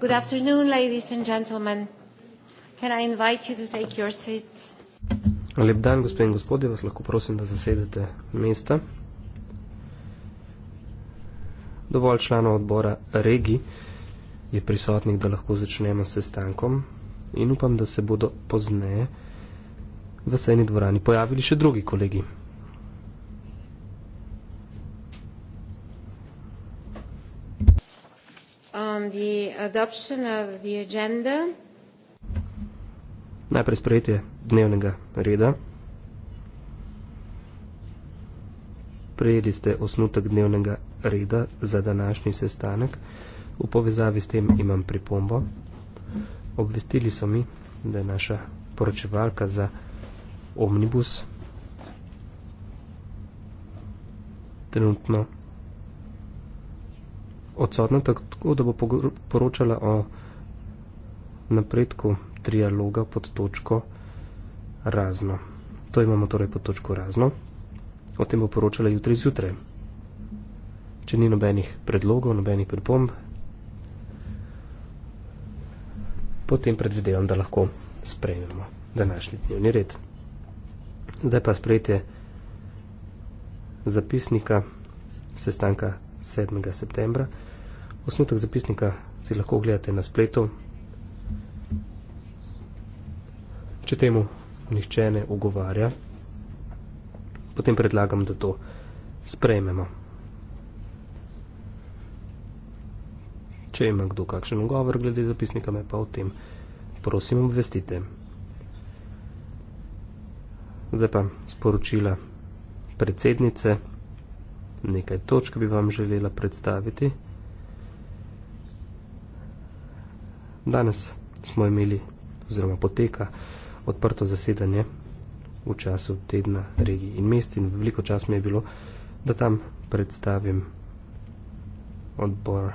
Good afternoon, ladies and gentlemen. Can I invite you to take your seats? Lep dan, gospe in gospodje, vas lahko prosim, da zasedete mesta. Dovolj članov odbora Regi je prisotnih, da lahko začnemo s sestankom in upam, da se bodo pozneje v sejni dvorani pojavili še drugi kolegi. the adoption of the agenda. Najprej sprejetje dnevnega reda. Prejeli ste osnutek dnevnega reda za današnji sestanek. V povezavi s tem imam pripombo. Obvestili so mi, da je naša poročevalka za omnibus trenutno odsotna, tako da bo poročala o napredku trialoga pod točko razno. To imamo torej pod točko razno. O tem bo poročala jutri zjutraj. Če ni nobenih predlogov, nobenih pripomb, potem predvidevam, da lahko sprejmemo današnji dnevni red. Zdaj pa sprejte zapisnika sestanka 7. septembra Osnutek zapisnika si lahko ogledate na spletu. Če temu nihče ne ogovarja, potem predlagam, da to sprejmemo. Če ima kdo kakšen ogovor glede zapisnika, me pa o tem prosim obvestite. Zdaj pa sporočila predsednice. Nekaj točk bi vam želela predstaviti. Danes smo imeli oziroma poteka odprto zasedanje v času tedna regij in mest in veliko čas mi je bilo, da tam predstavim odbor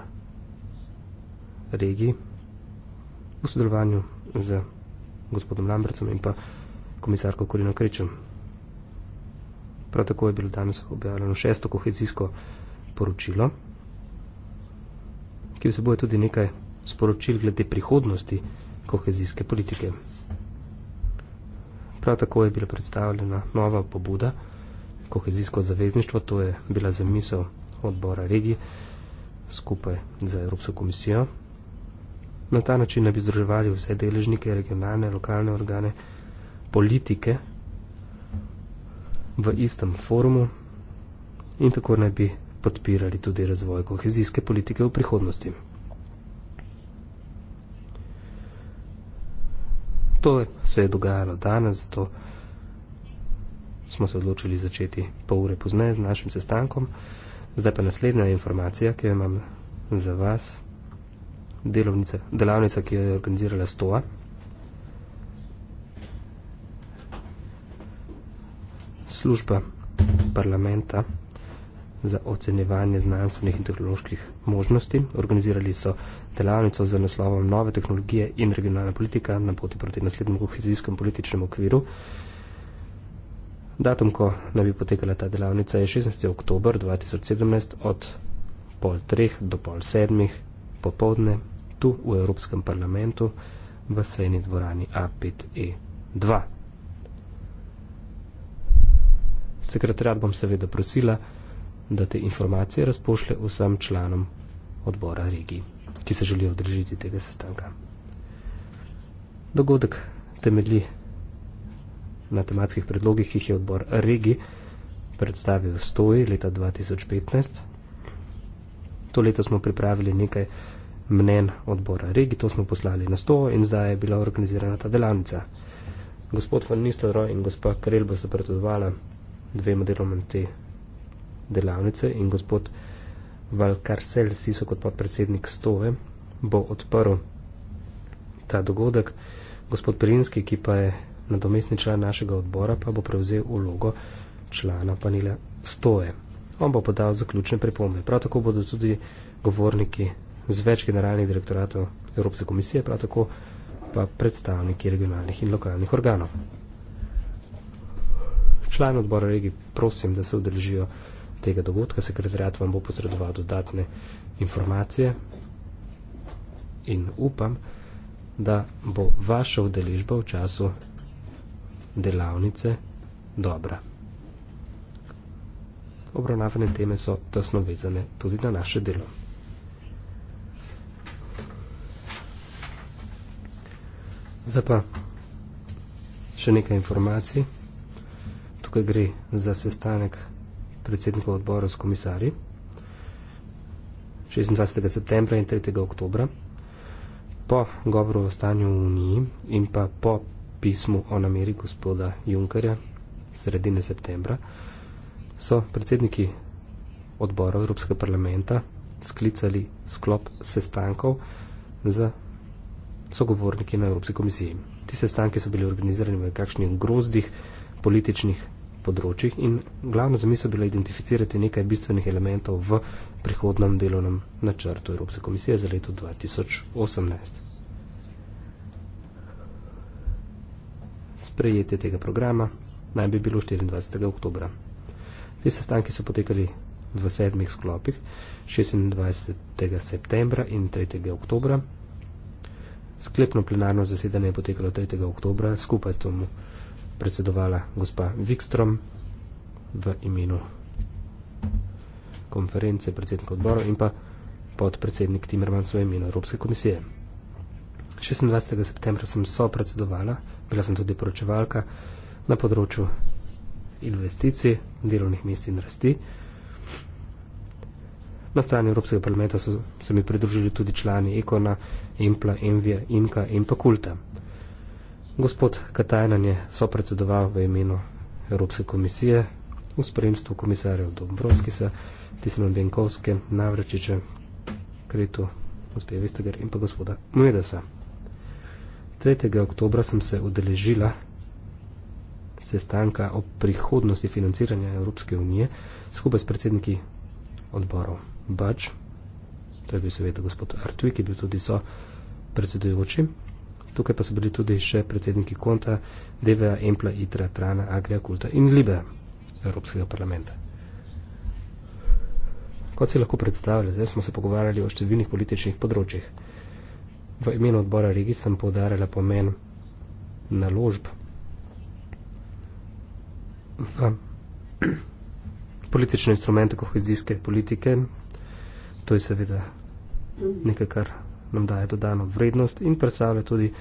regij v sodelovanju z gospodom Lambrecom in pa komisarko Korino Krečem. Prav tako je bilo danes objavljeno šesto kohezijsko poročilo, ki vsebuje tudi nekaj sporočil glede prihodnosti kohezijske politike. Prav tako je bila predstavljena nova pobuda, kohezijsko zavezništvo, to je bila zamisel odbora regije skupaj za Evropsko komisijo. Na ta način naj bi združevali vse deležnike, regionalne, lokalne organe, politike v istem forumu in tako naj bi podpirali tudi razvoj kohezijske politike v prihodnosti. To se je dogajalo danes, zato smo se odločili začeti pol ure pozneje z našim sestankom. Zdaj pa naslednja informacija, ki jo imam za vas, delovnica, delavnica, ki jo je organizirala STOA. Služba parlamenta za ocenjevanje znanstvenih in tehnoloških možnosti. Organizirali so delavnico z naslovom Nove tehnologije in regionalna politika na poti proti naslednjemu kohezijskem političnem okviru. Datum, ko naj bi potekala ta delavnica, je 16. oktober 2017 od pol treh do pol sedmih popovdne tu v Evropskem parlamentu v sejni dvorani A5E2. E Sekretariat bom seveda prosila, da te informacije razpošlje vsem članom odbora regiji, ki se želijo odrežiti tega sestanka. Dogodek temelji na tematskih predlogih, ki jih je odbor regiji predstavil v stoji leta 2015. To leto smo pripravili nekaj mnen odbora regij, to smo poslali na sto in zdaj je bila organizirana ta delavnica. Gospod von Nistelro in gospa Krel bo se predvodovala dvema deloma te delavnice in gospod Valkarsel Siso kot podpredsednik Stove bo odprl ta dogodek. Gospod Pirinski, ki pa je nadomestni član našega odbora, pa bo prevzel ulogo člana panela Stoje. On bo podal zaključne pripombe. Prav tako bodo tudi govorniki z več generalnih direktoratov Evropske komisije, prav tako pa predstavniki regionalnih in lokalnih organov. Član odbora regi prosim, da se udeležijo tega dogodka. Sekretariat vam bo posredoval dodatne informacije in upam, da bo vaša udeležba v času delavnice dobra. Obravnavane teme so tesno vezane tudi na naše delo. Zdaj pa še nekaj informacij. Tukaj gre za sestanek predsednikov odbora s komisari 26. septembra in 3. oktobra. Po govoru o stanju v Uniji in pa po pismu o nameri gospoda Junkerja sredine septembra so predsedniki odbora Evropske parlamenta sklicali sklop sestankov z sogovorniki na Evropski komisiji. Ti sestanki so bili organizirani v kakšnih grozdih političnih področjih in glavna zamisel bila identificirati nekaj bistvenih elementov v prihodnem delovnem načrtu Evropske komisije za leto 2018. Sprejetje tega programa naj bi bilo 24. oktobra. Te sestanki so potekali v sedmih sklopih 26. septembra in 3. oktobra. Sklepno plenarno zasedanje je potekalo 3. oktobra skupaj s tomu predsedovala gospa Vikstrom v imenu konference predsednika odbora in pa podpredsednik Timmermans v imenu Evropske komisije. 26. septembra sem so predsedovala, bila sem tudi poročevalka na področju investicij, delovnih mest in rasti. Na strani Evropskega parlamenta so se mi pridružili tudi člani Ekona, Empla, Envija, Inka in pa Kulta. Gospod Katajnan je sopredsedoval v imenu Evropske komisije v spremstvu komisarjev Dombrovskisa, Tisnem Benkovske, Navračiče, Kretu, gospe Vestager in pa gospoda Mujedasa. 3. oktobra sem se udeležila sestanka o prihodnosti financiranja Evropske unije skupaj s predsedniki odborov Bač, to je bil seveda gospod Artvi, ki je bil tudi so predsedujoči Tukaj pa so bili tudi še predsedniki konta DVA, Empla, Itra, Trana, Agria, Kulta in Libera Evropskega parlamenta. Kot si lahko predstavljate, smo se pogovarjali o številnih političnih področjih. V imenu odbora regij sem poudarjala pomen naložb v politične instrumente kohezijske politike. To je seveda nekaj, kar nam daje dodano vrednost in predstavlja tudi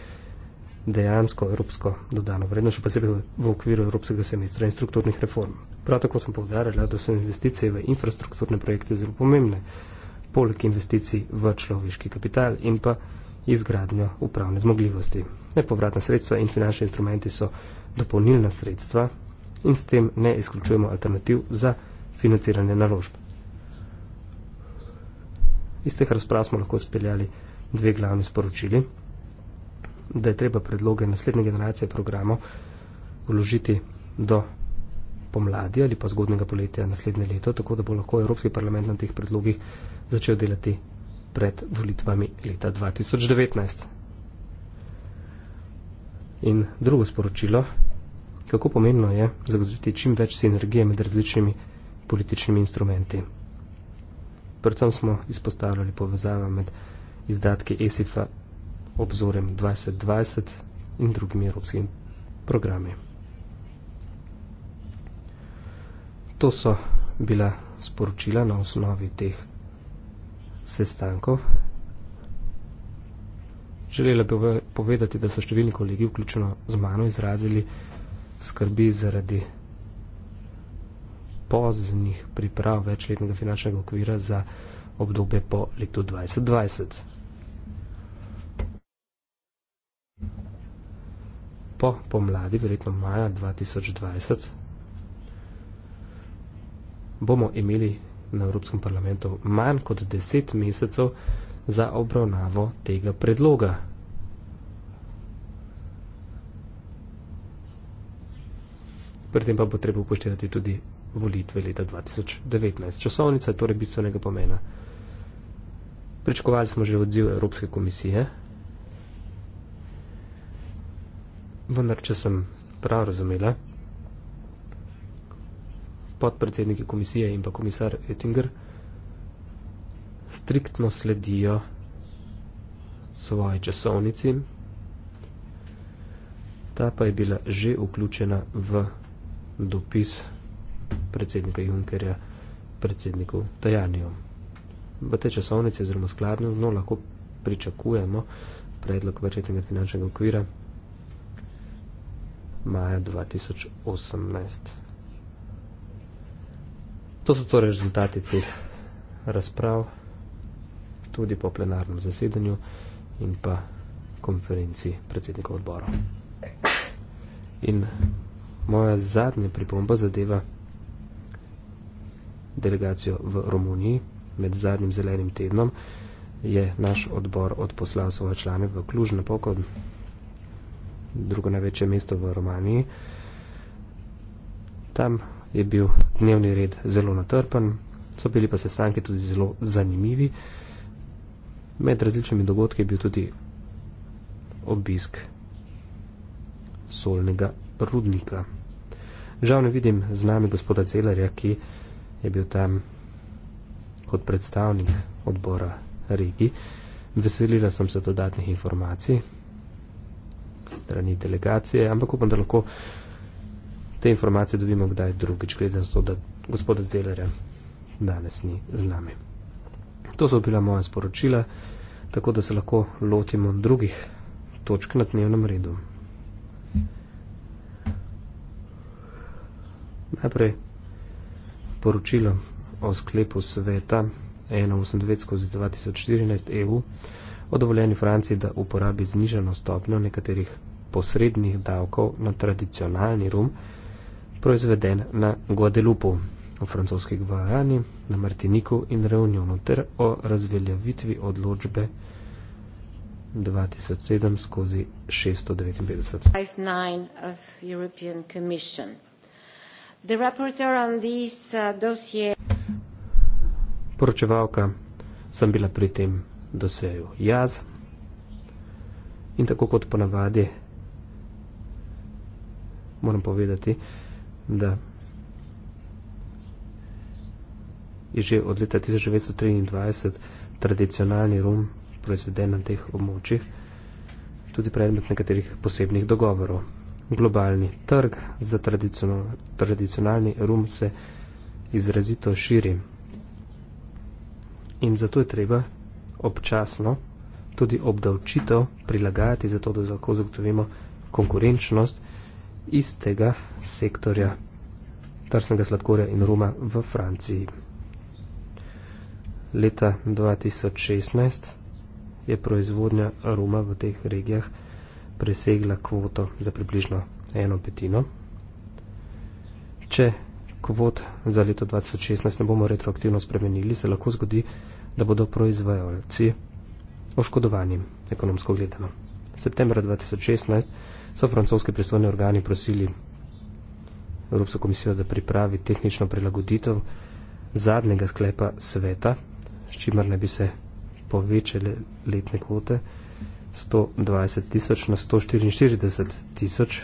dejansko evropsko dodano vrednost, še posebej v okviru evropskega semestra in strukturnih reform. Prav tako sem povdarjala, da so investicije v infrastrukturne projekte zelo pomembne, poleg investicij v človeški kapital in pa izgradnjo upravne zmogljivosti. Nepovratna sredstva in finančni instrumenti so dopolnilna sredstva in s tem ne izključujemo alternativ za financiranje naložb. Iz teh razprav smo lahko speljali dve glavni sporočili, da je treba predloge naslednje generacije programov vložiti do pomladi ali pa zgodnega poletja naslednje leto, tako da bo lahko Evropski parlament na teh predlogih začel delati pred volitvami leta 2019. In drugo sporočilo, kako pomembno je zagotoviti čim več sinergije med različnimi političnimi instrumenti. Predvsem smo izpostavljali povezava med izdatke ESIF-a obzorem 2020 in drugimi evropskimi programi. To so bila sporočila na osnovi teh sestankov. Želela bi povedati, da so številni kolegi, vključeno z mano, izrazili skrbi zaradi poznih priprav večletnega finančnega okvira za obdobje po letu 2020. po pomladi, verjetno maja 2020, bomo imeli na Evropskem parlamentu manj kot 10 mesecev za obravnavo tega predloga. Pri tem pa bo treba upoštevati tudi volitve leta 2019. Časovnica je torej bistvenega pomena. Pričakovali smo že odziv Evropske komisije. Vendar, če sem prav razumela, podpredsedniki komisije in pa komisar Oettinger striktno sledijo svoji časovnici, ta pa je bila že vključena v dopis predsednika Junkerja predsedniku Tajanijo. V te časovnici je zelo skladno, no lahko pričakujemo predlog večetnega finančnega okvira maja 2018. To so torej rezultati teh razprav, tudi po plenarnem zasedanju in pa konferenci predsednikov odborov. In moja zadnja pripomba zadeva delegacijo v Romuniji. Med zadnjim zelenim tednom je naš odbor odposlal svoje člane v Kluž na pokod drugo največje mesto v Romaniji. Tam je bil dnevni red zelo natrpen, so bili pa sestanki tudi zelo zanimivi. Med različnimi dogodki je bil tudi obisk solnega rudnika. Žal ne vidim z nami gospoda Celarja, ki je bil tam kot predstavnik odbora regi. Veselila sem se dodatnih informacij strani delegacije, ampak upam, da lahko te informacije dobimo kdaj drugič, glede na to, da gospoda Zelerja danes ni z nami. To so bila moja sporočila, tako da se lahko lotimo drugih točk na dnevnem redu. Najprej poročilo o sklepu sveta 189 skozi 2014 EU o dovoljeni Franciji, da uporabi znižano stopnjo nekaterih posrednih davkov na tradicionalni rum, proizveden na Guadelupu, v francoski Gvajani, na Martiniku in Reunionu, ter o razveljavitvi odločbe 2007 skozi 659. Uh, Poročevalka sem bila pri tem dosegel jaz. In tako kot ponavadi, moram povedati, da je že od leta 1923 tradicionalni rum proizveden na teh območjih tudi predmet nekaterih posebnih dogovorov. Globalni trg za tradicionalni rum se izrazito širi. In zato je treba občasno tudi obdavčitev prilagajati, zato da lahko zagotovimo konkurenčnost istega sektorja trsnega sladkorja in ruma v Franciji. Leta 2016 je proizvodnja ruma v teh regijah presegla kvoto za približno eno petino. Če kvot za leto 2016 ne bomo retroaktivno spremenili, se lahko zgodi, da bodo proizvajalci oškodovani, ekonomsko gledano. Septembra 2016 so francoski pristojni organi prosili Evropsko komisijo, da pripravi tehnično prilagoditev zadnjega sklepa sveta, s čimer ne bi se povečale letne kvote 120 tisoč na 144 tisoč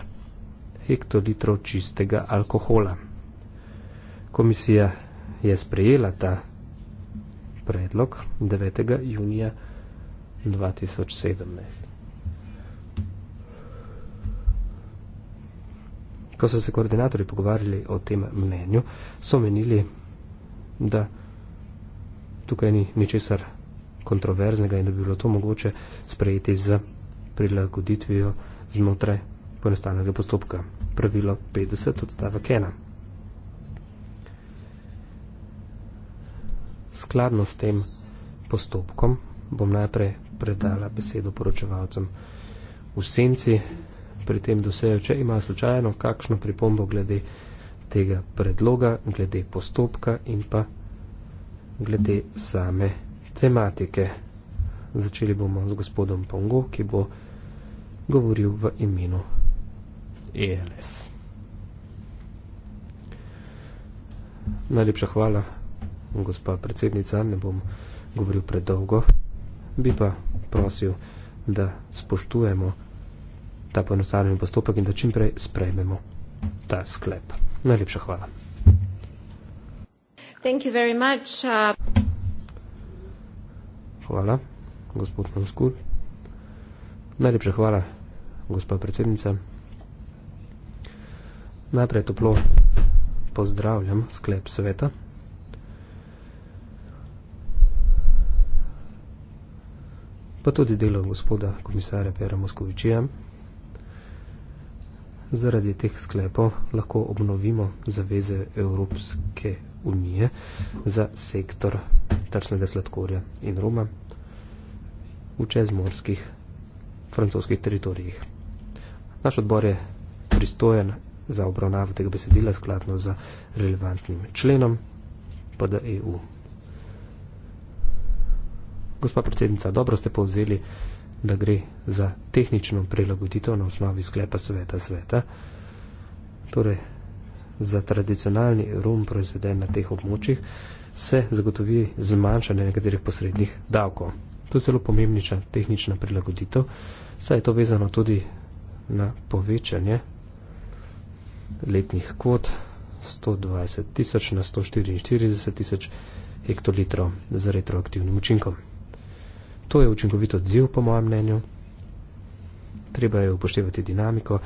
hektolitrov čistega alkohola. Komisija je sprejela ta predlog 9. junija 2017. Ko so se koordinatorji pogovarjali o tem mnenju, so menili, da tukaj ni ničesar kontroverznega in da bi bilo to mogoče sprejeti z prilagoditvijo znotraj poenostavnega postopka. Pravilo 50 odstavek 1. skladno s tem postopkom bom najprej predala besedo poročevalcem v senci pri tem dosejo, če ima slučajno kakšno pripombo glede tega predloga, glede postopka in pa glede same tematike. Začeli bomo z gospodom Pongo, ki bo govoril v imenu ELS. Najlepša hvala gospa predsednica, ne bom govoril predolgo, bi pa prosil, da spoštujemo ta poenostavljen postopek in da čimprej sprejmemo ta sklep. Najlepša hvala. Uh, hvala, gospod Manskur. Najlepša hvala, gospa predsednica. Najprej toplo pozdravljam sklep sveta. pa tudi delo gospoda komisarja Pera Moskovičija. Zaradi teh sklepov lahko obnovimo zaveze Evropske unije za sektor trsnega sladkorja in Roma v čezmorskih francoskih teritorijih. Naš odbor je pristojen za obravnavo tega besedila skladno z relevantnim členom pod EU gospa predsednica, dobro ste povzeli, da gre za tehnično prilagoditev na osnovi sklepa sveta sveta, torej za tradicionalni rum proizveden na teh območjih, se zagotovi zmanjšanje nekaterih posrednih davkov. To je zelo pomembniča tehnična prilagoditev, saj je to vezano tudi na povečanje letnih kvot 120 tisoč na 144 tisoč hektolitrov z retroaktivnim učinkom. To je učinkovit odziv, po mojem mnenju. Treba je upoštevati dinamiko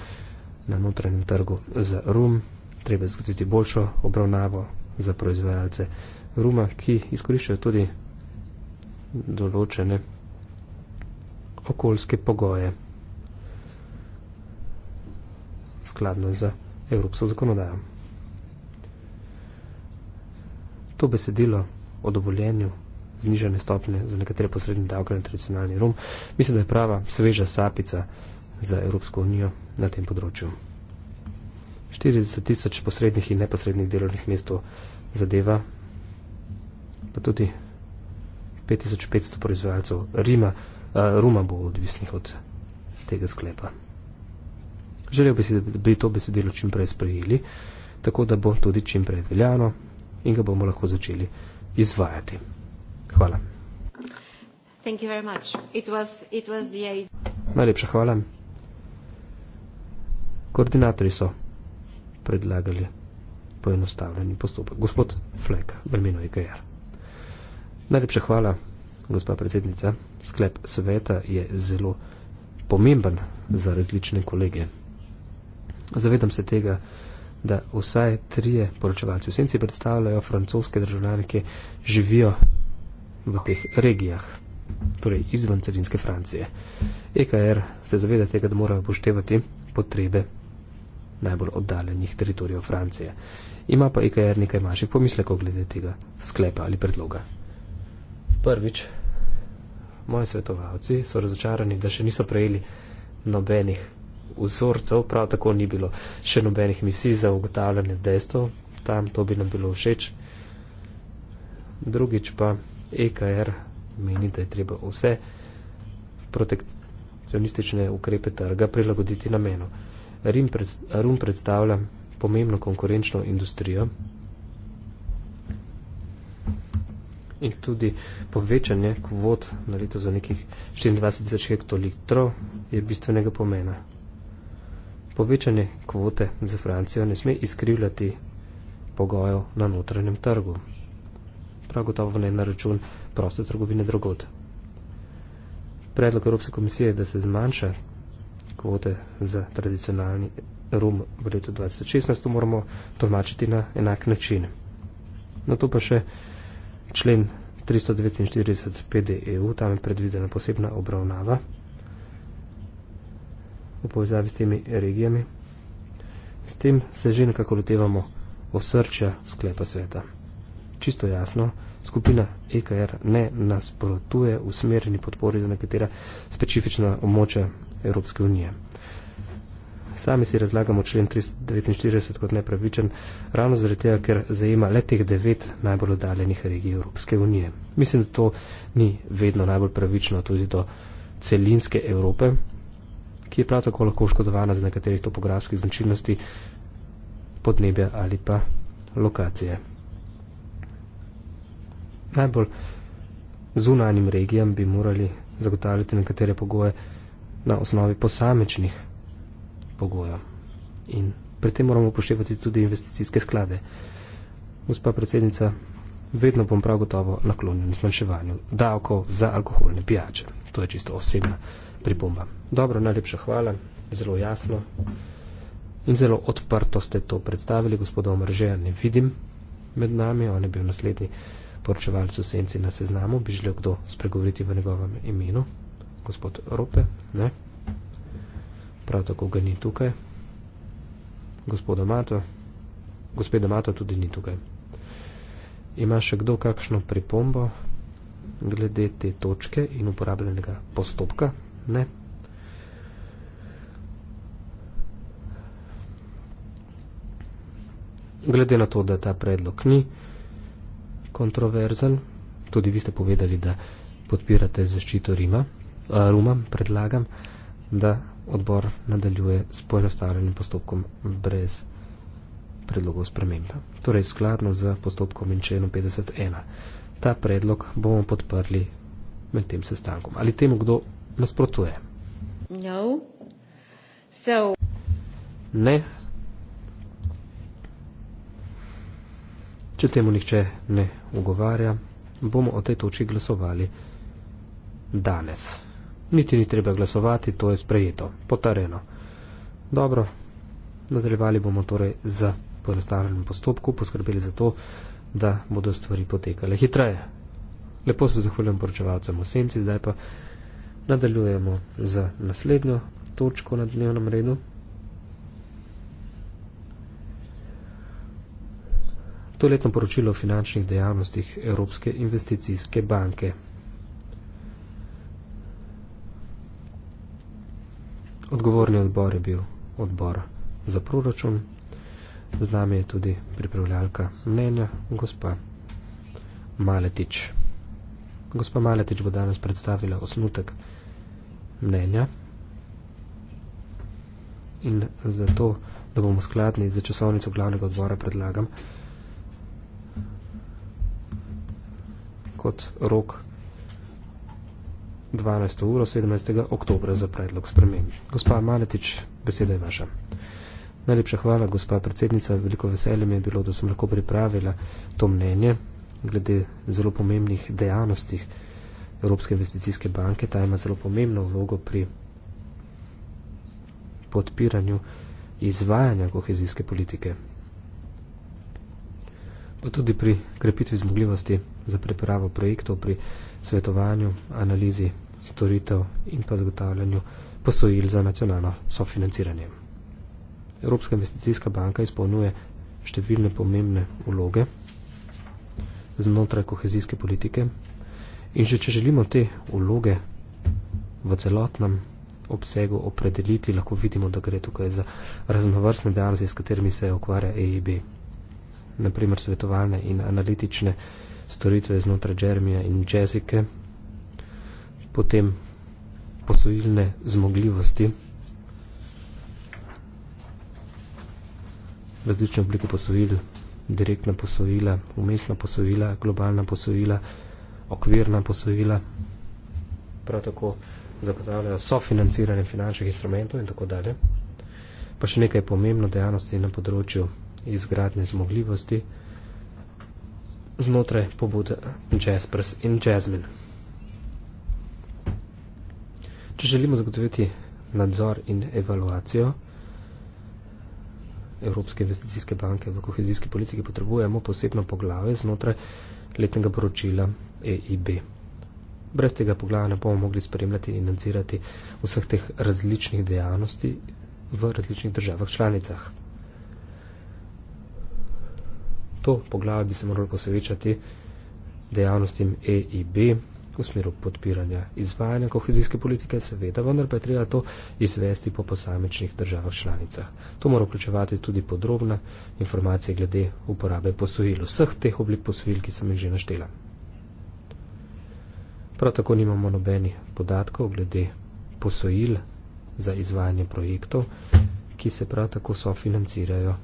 na notranjem trgu za rum, treba je zgoditi boljšo obravnavo za proizvajalce ruma, ki izkoriščajo tudi določene okoljske pogoje skladno za evropsko zakonodajo. To besedilo o dovoljenju znižene stopnje za nekatere posredne davke na tradicionalni rum. Mislim, da je prava sveža sapica za Evropsko unijo na tem področju. 40 tisoč posrednih in neposrednih delovnih mestov zadeva, pa tudi 5500 proizvajalcev Rima, uh, Ruma bo odvisnih od tega sklepa. Želel bi si, da bi to besedilo čim prej sprejeli, tako da bo tudi čim prej veljano in ga bomo lahko začeli izvajati. Hvala. Thank you very much. It was, it was the... Najlepša hvala. Koordinatorji so predlagali poenostavljeni postopek. Gospod Flek, v imenu IKR. E Najlepša hvala, gospa predsednica. Sklep sveta je zelo pomemben za različne kolege. Zavedam se tega, da vsaj trije poročevalci v senci predstavljajo francoske državljane, ki živijo v teh regijah, torej izven celinske Francije. EKR se zaveda tega, da mora upoštevati potrebe najbolj oddaljenih teritorijev Francije. Ima pa EKR nekaj manjših pomislekov glede tega sklepa ali predloga. Prvič, moji svetovalci so razočarani, da še niso prejeli nobenih vzorcev, prav tako ni bilo še nobenih misij za ugotavljanje dejstev, tam to bi nam bilo všeč. Drugič pa EKR meni, da je treba vse protekcionistične ukrepe trga prilagoditi namenu. Rum predstavlja pomembno konkurenčno industrijo in tudi povečanje kvot na leto za nekih 24.000 hektolitrov je bistvenega pomena. Povečanje kvote za Francijo ne sme izkrivljati pogojev na notranjem trgu prav gotovo ne na račun proste trgovine drugod. Predlog Evropske komisije je, da se zmanjša kvote za tradicionalni rum v letu 2016, to moramo tolmačiti na enak način. Na to pa še člen 349 PDEU, tam je predvidena posebna obravnava v povezavi s temi regijami. S tem se že nekako lotevamo osrčja sklepa sveta čisto jasno, skupina EKR ne nasprotuje usmerjeni podpori za nekatera specifična območja Evropske unije. Sami si razlagamo člen 349 kot nepravičen, ravno zaradi tega, ker zajema le teh devet najbolj oddaljenih regij Evropske unije. Mislim, da to ni vedno najbolj pravično tudi do celinske Evrope, ki je prav tako lahko oškodovana z nekaterih topografskih značilnosti podnebja ali pa lokacije najbolj zunanjim regijam bi morali zagotavljati nekatere pogoje na osnovi posamečnih pogojev. In pri tem moramo upoštevati tudi investicijske sklade. Gospa predsednica, vedno bom prav gotovo naklonjen zmanjševanju davkov za alkoholne pijače. To je čisto osebna pripomba. Dobro, najlepša hvala, zelo jasno in zelo odprto ste to predstavili. Gospoda Omržeja ne vidim med nami, on je bil naslednji poročevalcu senci na seznamu, bi želel kdo spregovoriti v njegovem imenu, gospod Rope, ne? Prav tako ga ni tukaj. Gospoda Mato, gospoda Mato tudi ni tukaj. Ima še kdo kakšno pripombo glede te točke in uporabljenega postopka, ne? Glede na to, da ta predlog ni, kontroverzen. Tudi vi ste povedali, da podpirate zaščito Rima. Eh, Ruma predlagam, da odbor nadaljuje s poenostavljenim postopkom brez predlogov sprememb. Torej skladno z postopkom in členom 51. Ta predlog bomo podprli med tem sestankom. Ali temu kdo nasprotuje? No. So... Ne, Če temu nihče ne ugovarja, bomo o tej točki glasovali danes. Niti ni treba glasovati, to je sprejeto, potareno. Dobro, nadaljevali bomo torej z poenostavljenim postopkom, poskrbeli za to, da bodo stvari potekale hitreje. Lepo se zahvaljujem poročevalcem v senci, zdaj pa nadaljujemo z naslednjo točko na dnevnem redu. To letno poročilo o finančnih dejavnostih Evropske investicijske banke. Odgovorni odbor je bil odbor za proračun. Z nami je tudi pripravljalka mnenja, gospa Maletič. Gospa Maletič bo danes predstavila osnutek mnenja in zato, da bomo skladni za časovnico glavnega odbora predlagam, kot rok 12. uro 17. oktobra za predlog spremembe. Gospa Maletič, beseda je vaša. Najlepša hvala, gospa predsednica. Veliko veselje mi je bilo, da sem lahko pripravila to mnenje glede zelo pomembnih dejavnosti Evropske investicijske banke. Ta ima zelo pomembno vlogo pri podpiranju izvajanja kohezijske politike pa tudi pri krepitvi zmogljivosti za pripravo projektov, pri svetovanju, analizi storitev in pa zagotavljanju posojil za nacionalno sofinanciranje. Evropska investicijska banka izpolnjuje številne pomembne vloge znotraj kohezijske politike in že če želimo te vloge v celotnem obsegu opredeliti, lahko vidimo, da gre tukaj za raznovrstne dejavnosti, s katerimi se ukvarja EIB naprimer svetovalne in analitične storitve znotraj Džermija in Jessica, potem posojilne zmogljivosti, različne oblike posojil, direktna posojila, umestna posojila, globalna posojila, okvirna posojila, prav tako zagotavljajo sofinanciranje finančnih instrumentov in tako dalje. Pa še nekaj pomembno dejavnosti na področju izgradne zmogljivosti znotraj pobude Jaspers in Jasmine. Če želimo zagotoviti nadzor in evaluacijo Evropske investicijske banke v kohezijski politiki, potrebujemo posebno poglavje znotraj letnega poročila EIB. Brez tega poglavja ne bomo mogli spremljati in nadzirati vseh teh različnih dejavnosti v različnih državah članicah to poglavje bi se morali posvečati dejavnostim EIB v smeru podpiranja izvajanja kohezijske politike, seveda, vendar pa je treba to izvesti po posamečnih državah članicah. To mora vključevati tudi podrobna informacije glede uporabe posojil, vseh teh oblik posojil, ki sem jih že naštela. Prav tako nimamo nobenih podatkov glede posojil za izvajanje projektov, ki se prav tako sofinancirajo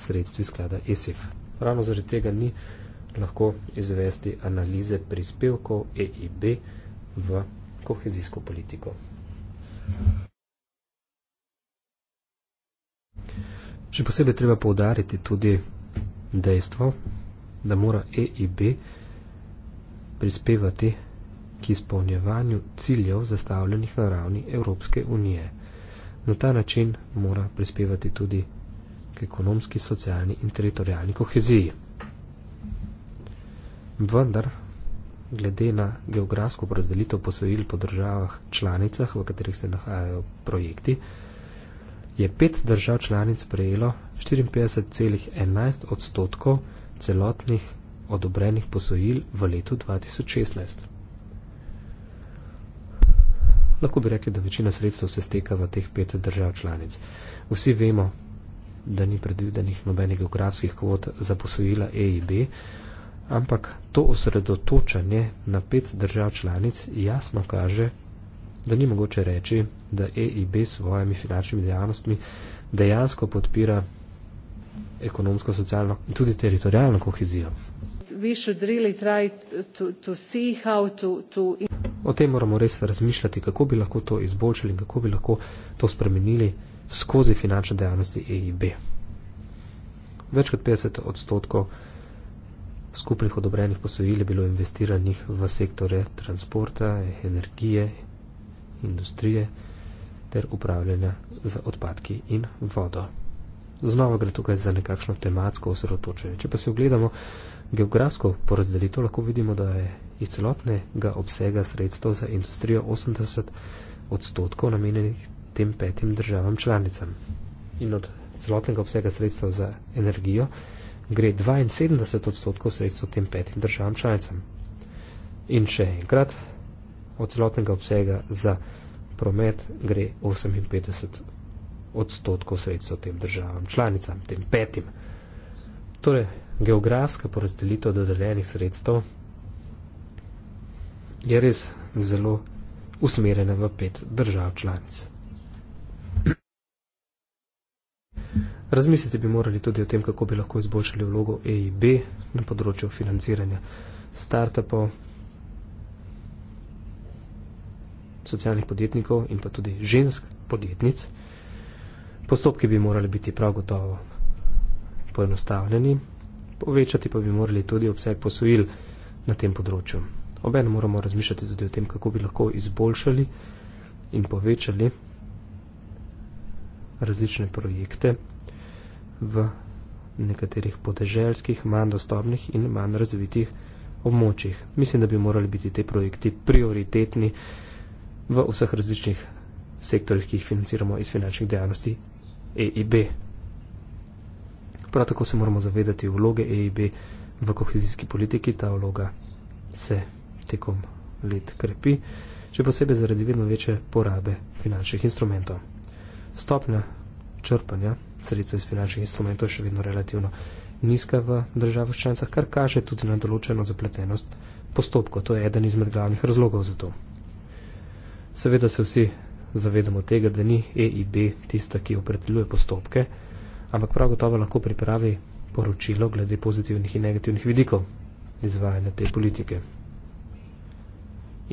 sredstvi sklada ESIF. Ravno zaradi tega ni lahko izvesti analize prispevkov EIB v kohezijsko politiko. Še posebej treba povdariti tudi dejstvo, da mora EIB prispevati k izpolnjevanju ciljev zastavljenih na ravni Evropske unije. Na ta način mora prispevati tudi k ekonomski, socialni in teritorijalni koheziji. Vendar, glede na geografsko porazdelitev posojil po državah članicah, v katerih se nahajajo projekti, je pet držav članic prejelo 54,11 odstotkov celotnih odobrenih posojil v letu 2016. Lahko bi rekli, da večina sredstev se steka v teh pet držav članic. Vsi vemo, da ni predvidenih nobenih geografskih kvot za posojila EIB, ampak to osredotočanje na pet držav članic jasno kaže, da ni mogoče reči, da EIB s svojimi finančnimi dejavnostmi dejansko podpira ekonomsko, socialno in tudi teritorijalno kohezijo. O tem moramo res razmišljati, kako bi lahko to izboljšali in kako bi lahko to spremenili skozi finančne dejavnosti EIB. Več kot 50 odstotkov skupnih odobrenih posojil je bilo investiranih v sektore transporta, energije, industrije ter upravljanja z odpadki in vodo. Znova gre tukaj za nekakšno tematsko osredotočenje. Če pa se ogledamo geografsko porazdelitev, lahko vidimo, da je iz celotnega obsega sredstev za industrijo 80 odstotkov namenjenih tem petim državam članicam. In od celotnega obsega sredstva za energijo gre 72 odstotkov sredstva tem petim državam članicam. In še enkrat, od celotnega obsega za promet gre 58 odstotkov sredstva tem državam članicam, tem petim. Torej, geografska porazdelitev dodeljenih sredstev je res zelo usmerjena v pet držav članic. Razmisliti bi morali tudi o tem, kako bi lahko izboljšali vlogo EIB na področju financiranja startupov, socialnih podjetnikov in pa tudi žensk podjetnic. Postopki bi morali biti prav gotovo poenostavljeni, povečati pa bi morali tudi obseg posojil na tem področju. Oben moramo razmišljati tudi o tem, kako bi lahko izboljšali in povečali različne projekte, v nekaterih podeželskih, manj dostopnih in manj razvitih območjih. Mislim, da bi morali biti te projekti prioritetni v vseh različnih sektorjih, ki jih financiramo iz finančnih dejavnosti EIB. Prav tako se moramo zavedati vloge EIB v kohezijski politiki, ta vloga se tekom let krepi, še posebej zaradi vedno večje porabe finančnih instrumentov. Stopnja črpanja sredstvo iz finančnih instrumentov še vedno relativno nizka v državah članicah, kar kaže tudi na določeno zapletenost postopkov. To je eden izmed glavnih razlogov za to. Seveda se vsi zavedamo tega, da ni EIB tista, ki opredeljuje postopke, ampak prav gotovo lahko pripravi poročilo glede pozitivnih in negativnih vidikov izvajanja te politike.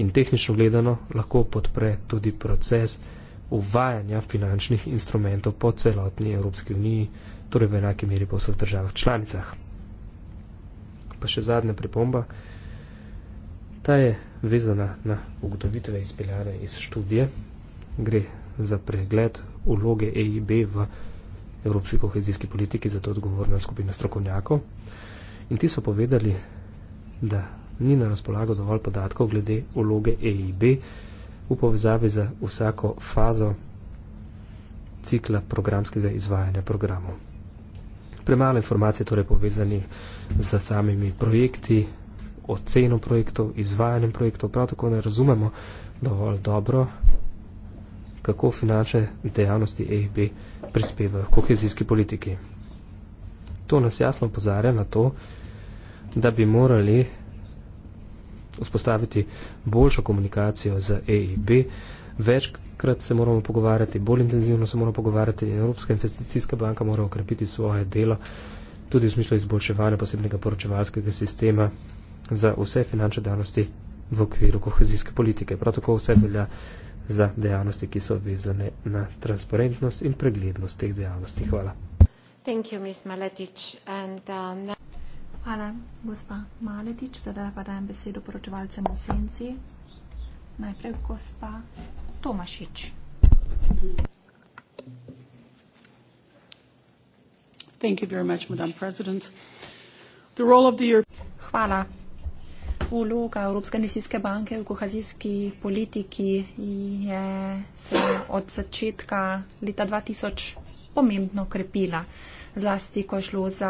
In tehnično gledano lahko podpre tudi proces, ki uvajanja finančnih instrumentov po celotni Evropski uniji, torej v enaki meri po vseh državah članicah. Pa še zadnja pripomba, ta je vezana na ugotovitve izpeljane iz študije. Gre za pregled vloge EIB v Evropski kohezijski politiki, zato odgovorna skupina strokovnjakov. In ti so povedali, da ni na razpolago dovolj podatkov glede vloge EIB, v povezavi z vsako fazo cikla programskega izvajanja programov. Premalo informacije torej povezani z samimi projekti, oceno projektov, izvajanjem projektov, prav tako ne razumemo dovolj dobro, kako finančne dejavnosti EIB prispevajo v kohezijski politiki. To nas jasno pozarja na to, da bi morali vzpostaviti boljšo komunikacijo z EIB. Večkrat se moramo pogovarjati, bolj intenzivno se moramo pogovarjati. Evropska investicijska banka mora okrepiti svoje delo tudi v smislu izboljševanja posebnega poročevalskega sistema za vse finančne dejavnosti v okviru kohezijske politike. Prav tako vse velja za dejavnosti, ki so vezane na transparentnost in preglednost teh dejavnosti. Hvala. Thank you, Ms. Maletic. And, um, Hvala, gospa Maletič. Sedaj pa dajem besedo poročevalcem v senci. Najprej gospa Tomašič. Hvala. Vloga Evropske investicijske banke v kohezijski politiki je se od začetka leta dva tisoč pomembno krepila. Zlasti, ko je šlo za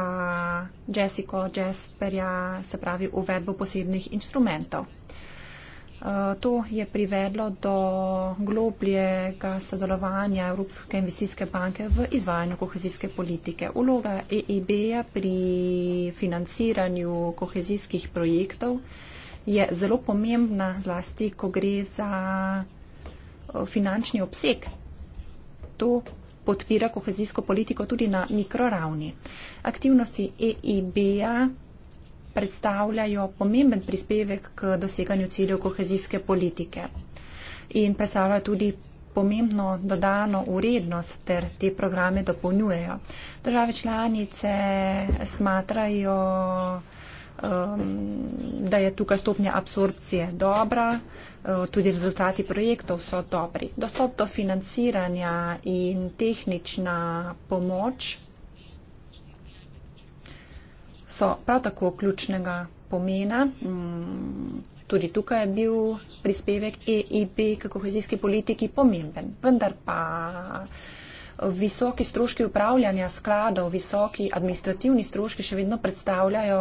Jessico Jasperja, se pravi uvedbo posebnih instrumentov. Eh, to je privedlo do globljega sodelovanja Evropske investicijske banke v izvajanju kohezijske politike. Uloga EIB-ja e pri financiranju kohezijskih projektov je zelo pomembna, zlasti, ko gre za eh, finančni obseg. To podpira kohezijsko politiko tudi na mikroravni. Aktivnosti EIB-a predstavljajo pomemben prispevek k doseganju ciljev kohezijske politike in predstavljajo tudi pomembno dodano urednost ter te programe dopolnjujejo. Države članice smatrajo, um, da je tukaj stopnja absorpcije dobra, uh, tudi rezultati projektov so dobri. Dostop do financiranja in tehnična pomoč so prav tako ključnega pomena. Mm, tudi tukaj je bil prispevek EIB k kohezijski politiki pomemben, vendar pa visoki stroški upravljanja skladov, visoki administrativni stroški še vedno predstavljajo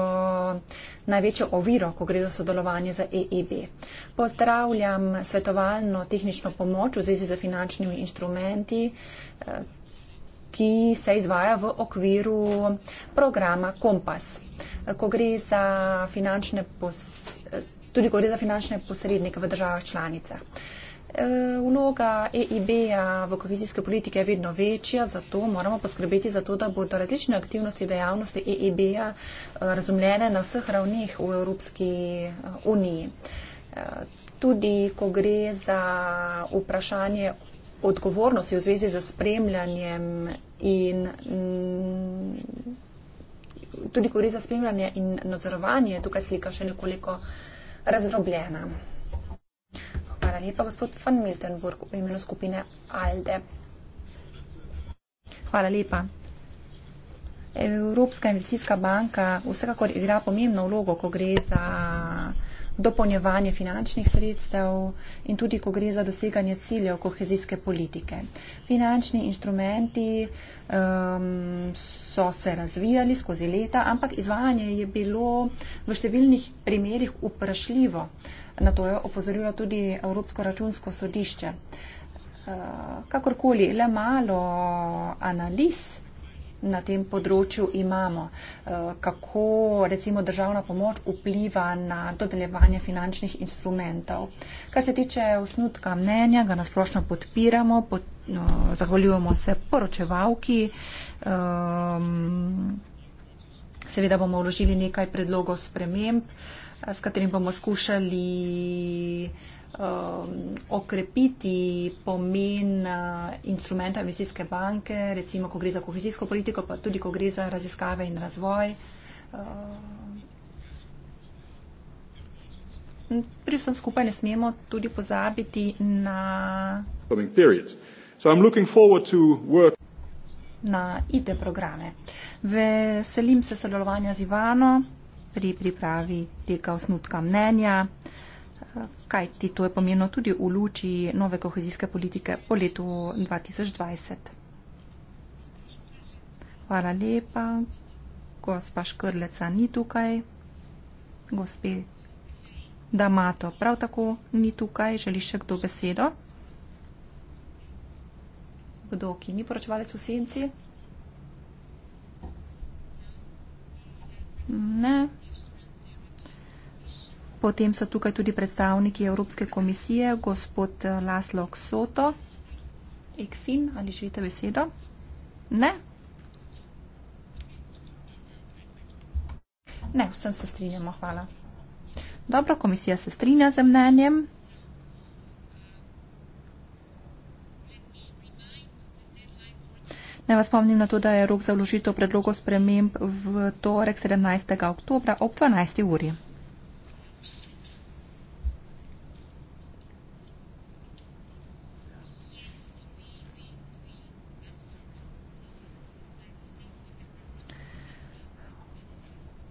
največjo oviro, ko gre za sodelovanje za EEB. Pozdravljam svetovalno tehnično pomoč v zvezi z finančnimi instrumenti, eh, ki se izvaja v okviru programa Kompas. Ko gre za finančne, pos, eh, tudi ko gre za finančne posrednike v državah članicah. Eh, vloga EIB-ja v kohezijske politike je vedno večja, zato moramo poskrbeti za to, da bodo različne aktivnosti dejavnosti EIB-ja eh, razumljene na vseh ravnih v Evropski eh, uniji. Tudi, ko gre za vprašanje odgovornosti v zvezi z spremljanjem in mm, tudi, ko gre za spremljanje in nadzorovanje, tukaj slika še nekoliko razdrobljena. Hvala lepa, gospod van Miltenburg, v imenu skupine ALDE. Hvala lepa. Evropska investicijska banka vsekakor igra pomembno vlogo, ko gre za dopolnjevanje finančnih sredstev in tudi, ko gre za doseganje ciljev kohezijske politike. Finančni instrumenti um, so se razvijali skozi leta, ampak izvajanje je bilo v številnih primerjih uprašljivo. Na to je opozorilo tudi Evropsko računsko sodišče. Uh, kakorkoli, le malo analiz na tem področju imamo, eh, kako recimo državna pomoč vpliva na dodeljevanje finančnih instrumentov. Kar se tiče osnutka mnenja, ga nasplošno podpiramo, pod, no, zahvaljujemo se poročevalki. Um, seveda bomo vložili nekaj predlogov sprememb, s katerim bomo skušali Um, okrepiti pomen uh, instrumenta investicijske banke, recimo, ko gre za kohezijsko politiko, pa tudi, ko gre za raziskave in razvoj. Um, pri vsem skupaj ne smemo tudi pozabiti na na IT programe. Veselim se sodelovanja z Ivano pri pripravi tega osnutka mnenja kaj ti to je pomenilo tudi v luči nove kohezijske politike po letu 2020. Hvala lepa. Gospa Škrleca ni tukaj. Gospe Damato prav tako ni tukaj. Želi še kdo besedo? Kdo, ki ni poročevalec v senci? Ne. Potem so tukaj tudi predstavniki Evropske komisije, gospod eh, Laslo Ksoto. Ekfin, ali želite besedo? Ne? Ne, vsem se strinjamo, hvala. Dobro, komisija se strinja z mnenjem. Ne vas spomnim na to, da je rok za vložitev predlogov sprememb v torek 17. oktobra ob 12. uri.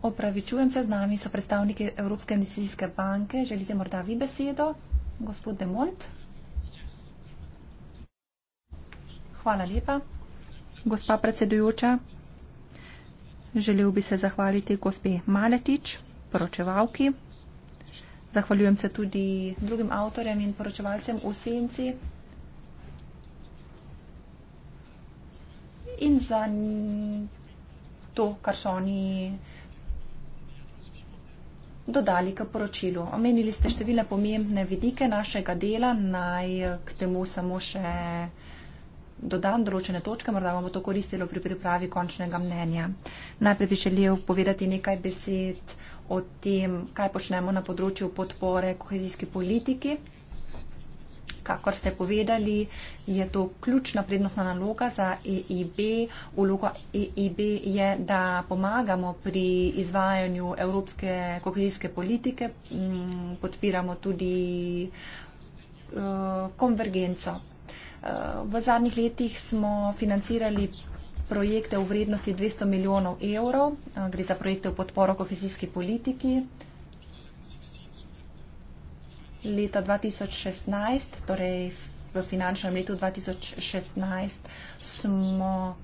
Opravičujem se, z nami so predstavniki Evropske investicijske banke. Želite morda vi besedo? Gospod De Mont? Hvala lepa. Gospa predsedujoča, želel bi se zahvaliti gospe Maletič, poročevalki. Zahvaljujem se tudi drugim avtorjem in poročevalcem v senci. In za to, kar so oni dodali k poročilu. Omenili ste številne pomembne vidike našega dela, naj eh, k temu samo še dodam določene točke, morda bomo to koristilo pri pripravi končnega mnenja. Najprej bi želel povedati nekaj besed o tem, kaj počnemo na področju podpore kohezijski politiki kakor ste povedali, je to ključna prednostna naloga za EIB. Uloga EIB je, da pomagamo pri izvajanju evropske kohezijske politike, mm, podpiramo tudi eh, konvergenco. Eh, v zadnjih letih smo financirali projekte v vrednosti 200 milijonov evrov, eh, gre za projekte v podporo kohezijski politiki leta 2016, torej v finančnem letu 2016, smo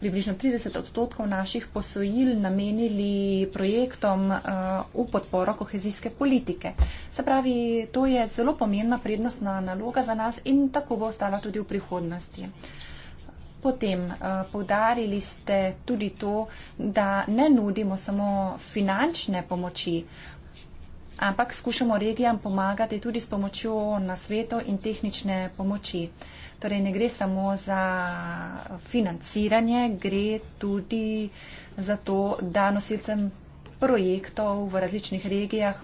približno 30 odstotkov naših posojil namenili projektom uh, v podporo kohezijske politike. Se pravi, to je zelo pomembna prednostna naloga za nas in tako bo ostala tudi v prihodnosti. Potem uh, eh, povdarili ste tudi to, da ne nudimo samo finančne pomoči, ampak skušamo regijam pomagati tudi s pomočjo nasvetov in tehnične pomoči. Torej ne gre samo za financiranje, gre tudi za to, da nosilcem projektov v različnih regijah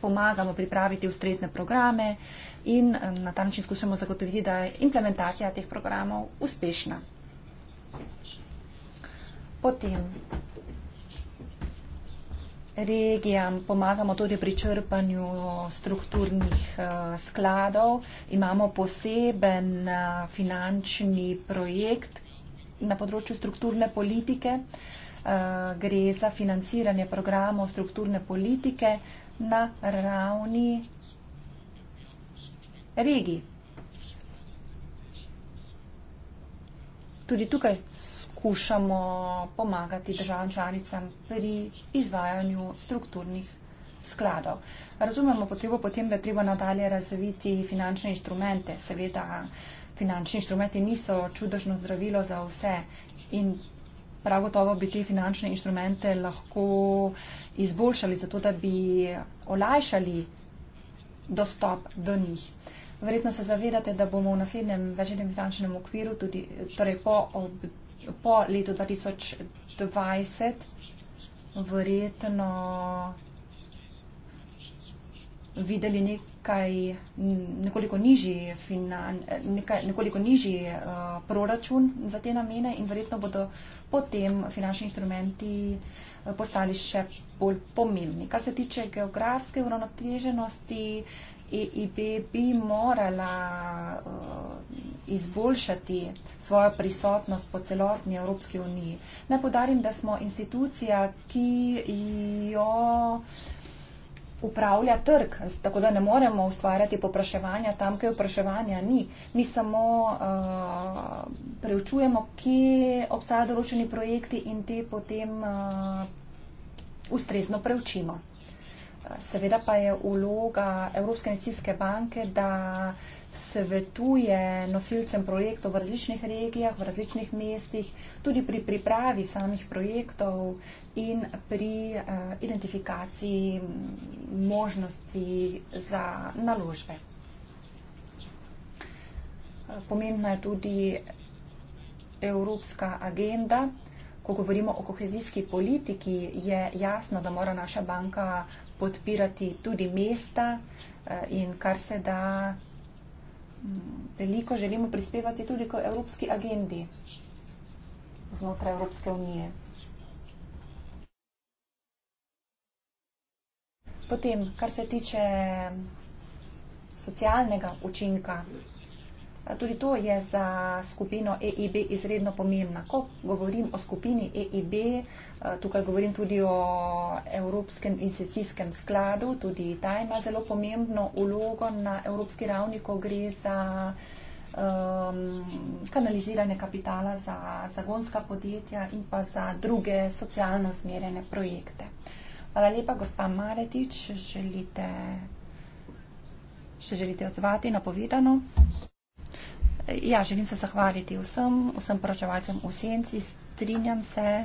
pomagamo pripraviti ustrezne programe in na ta način skušamo zagotoviti, da je implementacija teh programov uspešna. Potem regijam, pomagamo tudi pri črpanju strukturnih eh, skladov. Imamo poseben eh, finančni projekt na področju strukturne politike. Eh, gre za financiranje programov strukturne politike na ravni regij. Tudi tukaj poskušamo pomagati državam članicam pri izvajanju strukturnih skladov. Razumemo potrebo potem, da treba nadalje razviti finančne inštrumente. Seveda finančni inštrumenti niso čudežno zdravilo za vse in prav gotovo bi te finančne inštrumente lahko izboljšali, zato da bi olajšali dostop do njih. Verjetno se zavedate, da bomo v naslednjem večjem finančnem okviru, tudi, torej po obdobju, po letu 2020 verjetno videli nekaj nekoliko nižji, finan, nekaj, nekoliko nižji uh, proračun za te namene in verjetno bodo potem finančni instrumenti eh, postali še bolj pomembni. Kar se tiče geografske uravnoteženosti, uh, EIB bi morala uh, izboljšati svojo prisotnost po celotni Evropski uniji. Naj podarim, da smo institucija, ki jo upravlja trg, tako da ne moremo ustvarjati popraševanja tam, kjer popraševanja ni. Mi samo uh, preučujemo, kje obstajajo določeni projekti in te potem uh, ustrezno preučimo. Seveda pa je vloga Evropske investicijske banke, da svetuje nosilcem projektov v različnih regijah, v različnih mestih, tudi pri pripravi samih projektov in pri eh, identifikaciji možnosti za naložbe. Pomembna je tudi evropska agenda. Ko govorimo o kohezijski politiki, je jasno, da mora naša banka podpirati tudi mesta eh, in kar se da mm, veliko želimo prispevati tudi k evropski agendi znotraj Evropske unije. Potem, kar se tiče mm, socialnega učinka, Tudi to je za skupino EIB izredno pomembno. Ko govorim o skupini EIB, eh, tukaj govorim tudi o Evropskem institucijskem skladu, tudi ta ima zelo pomembno ulogo na evropski ravni, ko gre za um, kanaliziranje kapitala za zagonska podjetja in pa za druge socialno usmerjene projekte. Hvala lepa, gospa Maretič, želite, še želite odzvati na povedano? Ja, želim se zahvaliti vsem, vsem poročevalcem v senci, strinjam se,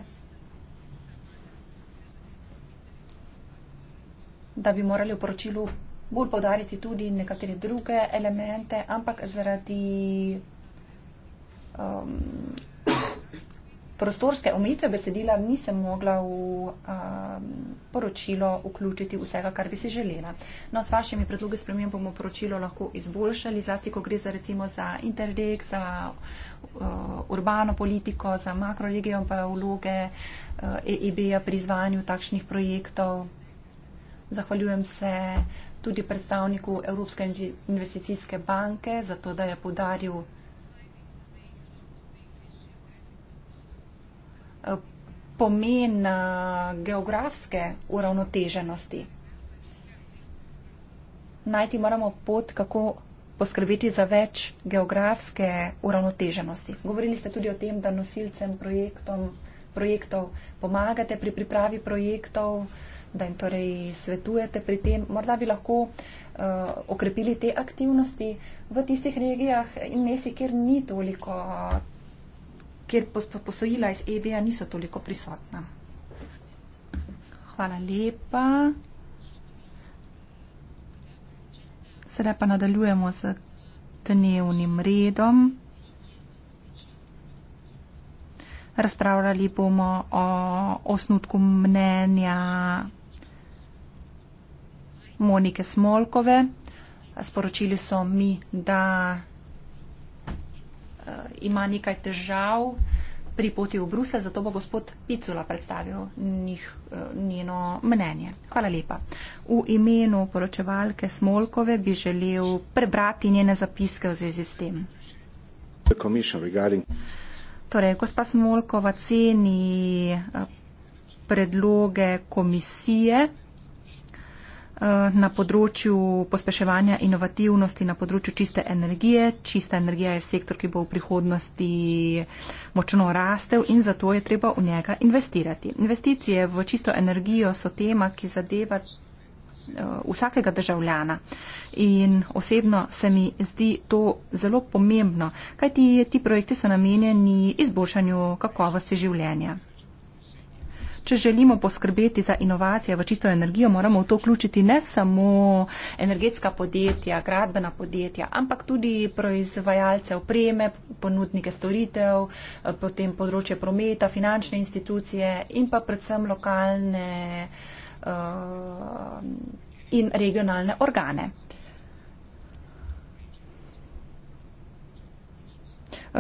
da bi morali v poročilu bolj podariti tudi nekatere druge elemente, ampak zaradi um, prostorske omejitve besedila nisem mogla v a, um, poročilo vključiti vsega, kar bi si želela. No, s vašimi predlogi sprememb bomo poročilo lahko izboljšali, zlasti, ko gre za recimo za interdeg, za a, uh, urbano politiko, za makroregijo in pa vloge uh, EIB-ja pri izvanju takšnih projektov. Zahvaljujem se tudi predstavniku Evropske investicijske banke za to, da je podaril Eh, pomen eh, geografske uravnoteženosti. Najti moramo pot, kako poskrbeti za več geografske uravnoteženosti. Govorili ste tudi o tem, da nosilcem projektom, projektov pomagate pri pripravi projektov, da jim torej svetujete pri tem. Morda bi lahko uh, okrepili te aktivnosti v tistih regijah in mestih, kjer ni toliko. Uh, kjer posojila iz EBA niso toliko prisotna. Hvala lepa. Sedaj pa nadaljujemo z dnevnim redom. Razpravljali bomo o osnutku mnenja Monike Smolkove. Sporočili so mi, da Eh, ima nekaj težav pri poti v Bruselj, zato bo gospod Picula predstavil njih, eh, njeno mnenje. Hvala lepa. V imenu poročevalke Smolkove bi želel prebrati njene zapiske v zvezi s tem. Torej, gospa Smolkova ceni eh, predloge komisije, Eh, na področju pospeševanja inovativnosti na področju čiste energije. Čista energija je sektor, ki bo v prihodnosti močno rastel in zato je treba v njega investirati. Investicije v čisto energijo so tema, ki zadeva eh, vsakega državljana. In osebno se mi zdi to zelo pomembno, kajti ti projekti so namenjeni izboljšanju kakovosti življenja če želimo poskrbeti za inovacije v čisto energijo, moramo v to vključiti ne samo energetska podjetja, gradbena podjetja, ampak tudi proizvajalce opreme, ponudnike storitev, potem področje prometa, finančne institucije in pa predvsem lokalne uh, in regionalne organe.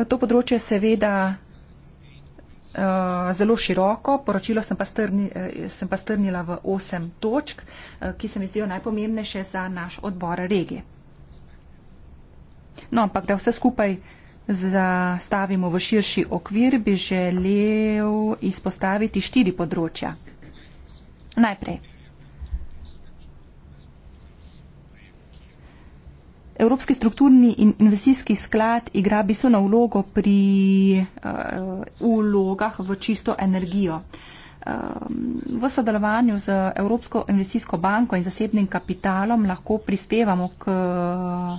To področje seveda Eh, zelo široko, poročilo sem pa, strni, eh, sem pa strnila v osem točk, eh, ki se mi zdijo najpomembnejše za naš odbor regije. No, ampak da vse skupaj zastavimo v širši okvir, bi želel izpostaviti štiri področja. Najprej. Evropski strukturni in investijski sklad igra bistveno vlogo pri ulogah eh, uh, v čisto energijo. Ehm, v sodelovanju z Evropsko investicijsko banko in zasebnim kapitalom lahko prispevamo k eh,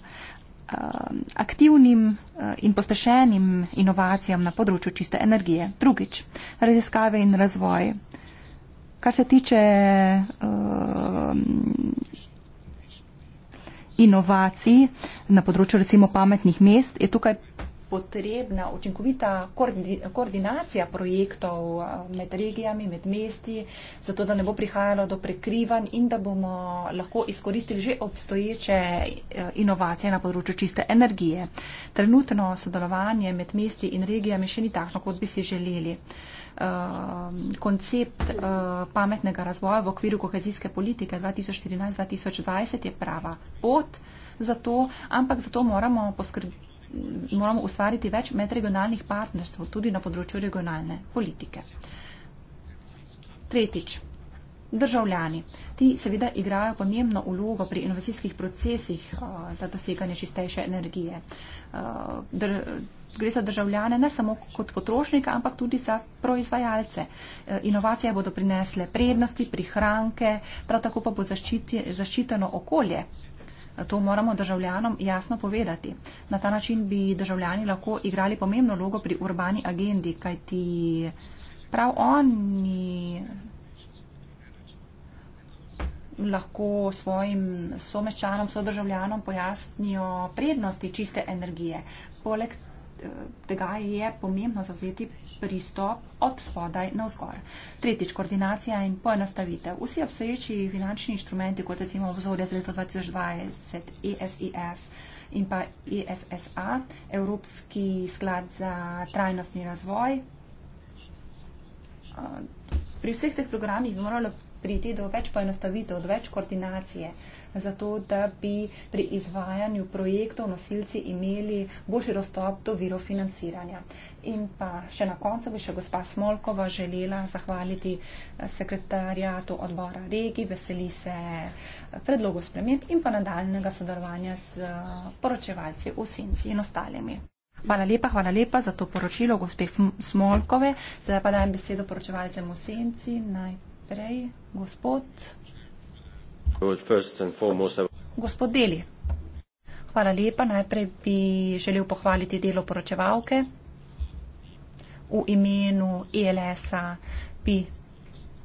aktivnim eh, in pospešenim inovacijam na področju čiste energije. Drugič, raziskave in razvoj. Kar se tiče ehm, inovacij na področju recimo pametnih mest, je tukaj potrebna učinkovita koordinacija projektov eh, med regijami, med mesti, zato da ne bo prihajalo do prekrivanj in da bomo lahko izkoristili že obstoječe eh, inovacije na področju čiste energije. Trenutno sodelovanje med mesti in regijami še ni takšno, kot bi si želeli. Um, koncept uh, pametnega razvoja v okviru kohezijske politike 2014-2020 je prava pot za to, ampak za to moramo poskrbeti moramo ustvariti več medregionalnih partnerstv tudi na področju regionalne politike. Tretjič, državljani. Ti seveda igrajo pomembno ulogo pri inovacijskih procesih uh, za doseganje čistejše energije. Uh, dr gre za državljane, ne samo kot potrošnika, ampak tudi za proizvajalce. E, inovacije bodo prinesle prednosti, prihranke, prav tako pa bo zaščiti, zaščiteno okolje. E, to moramo državljanom jasno povedati. Na ta način bi državljani lahko igrali pomembno vlogo pri urbani agendi, kajti prav oni lahko svojim someščanom, sodržavljanom pojasnijo prednosti čiste energije. Poleg tega je pomembno zavzeti pristop od spodaj na vzgor. Tretjič, koordinacija in poenostavitev. Vsi obstoječi finančni inštrumenti, kot recimo obzorje z leto 2020, ESIF in pa ESSA, Evropski sklad za trajnostni razvoj, eh, pri vseh teh programih bi moralo priti do več poenostavitev, do več koordinacije. Uh, zato da bi pri izvajanju projektov nosilci imeli boljši dostop do virofinanciranja. In pa še na koncu bi še gospa Smolkova želela zahvaliti eh, sekretarjatu odbora regi, veseli se eh, predlogu sprememb in pa nadaljnega sodelovanja z eh, poročevalci v Sinci in ostalimi. Hvala lepa, hvala lepa za to poročilo, gospe Smolkove. Zdaj pa dajem besedo poročevalcem v Senci. Najprej gospod Gospod Deli, hvala lepa. Najprej bi želel pohvaliti delo poročevalke. V imenu ELS-a bi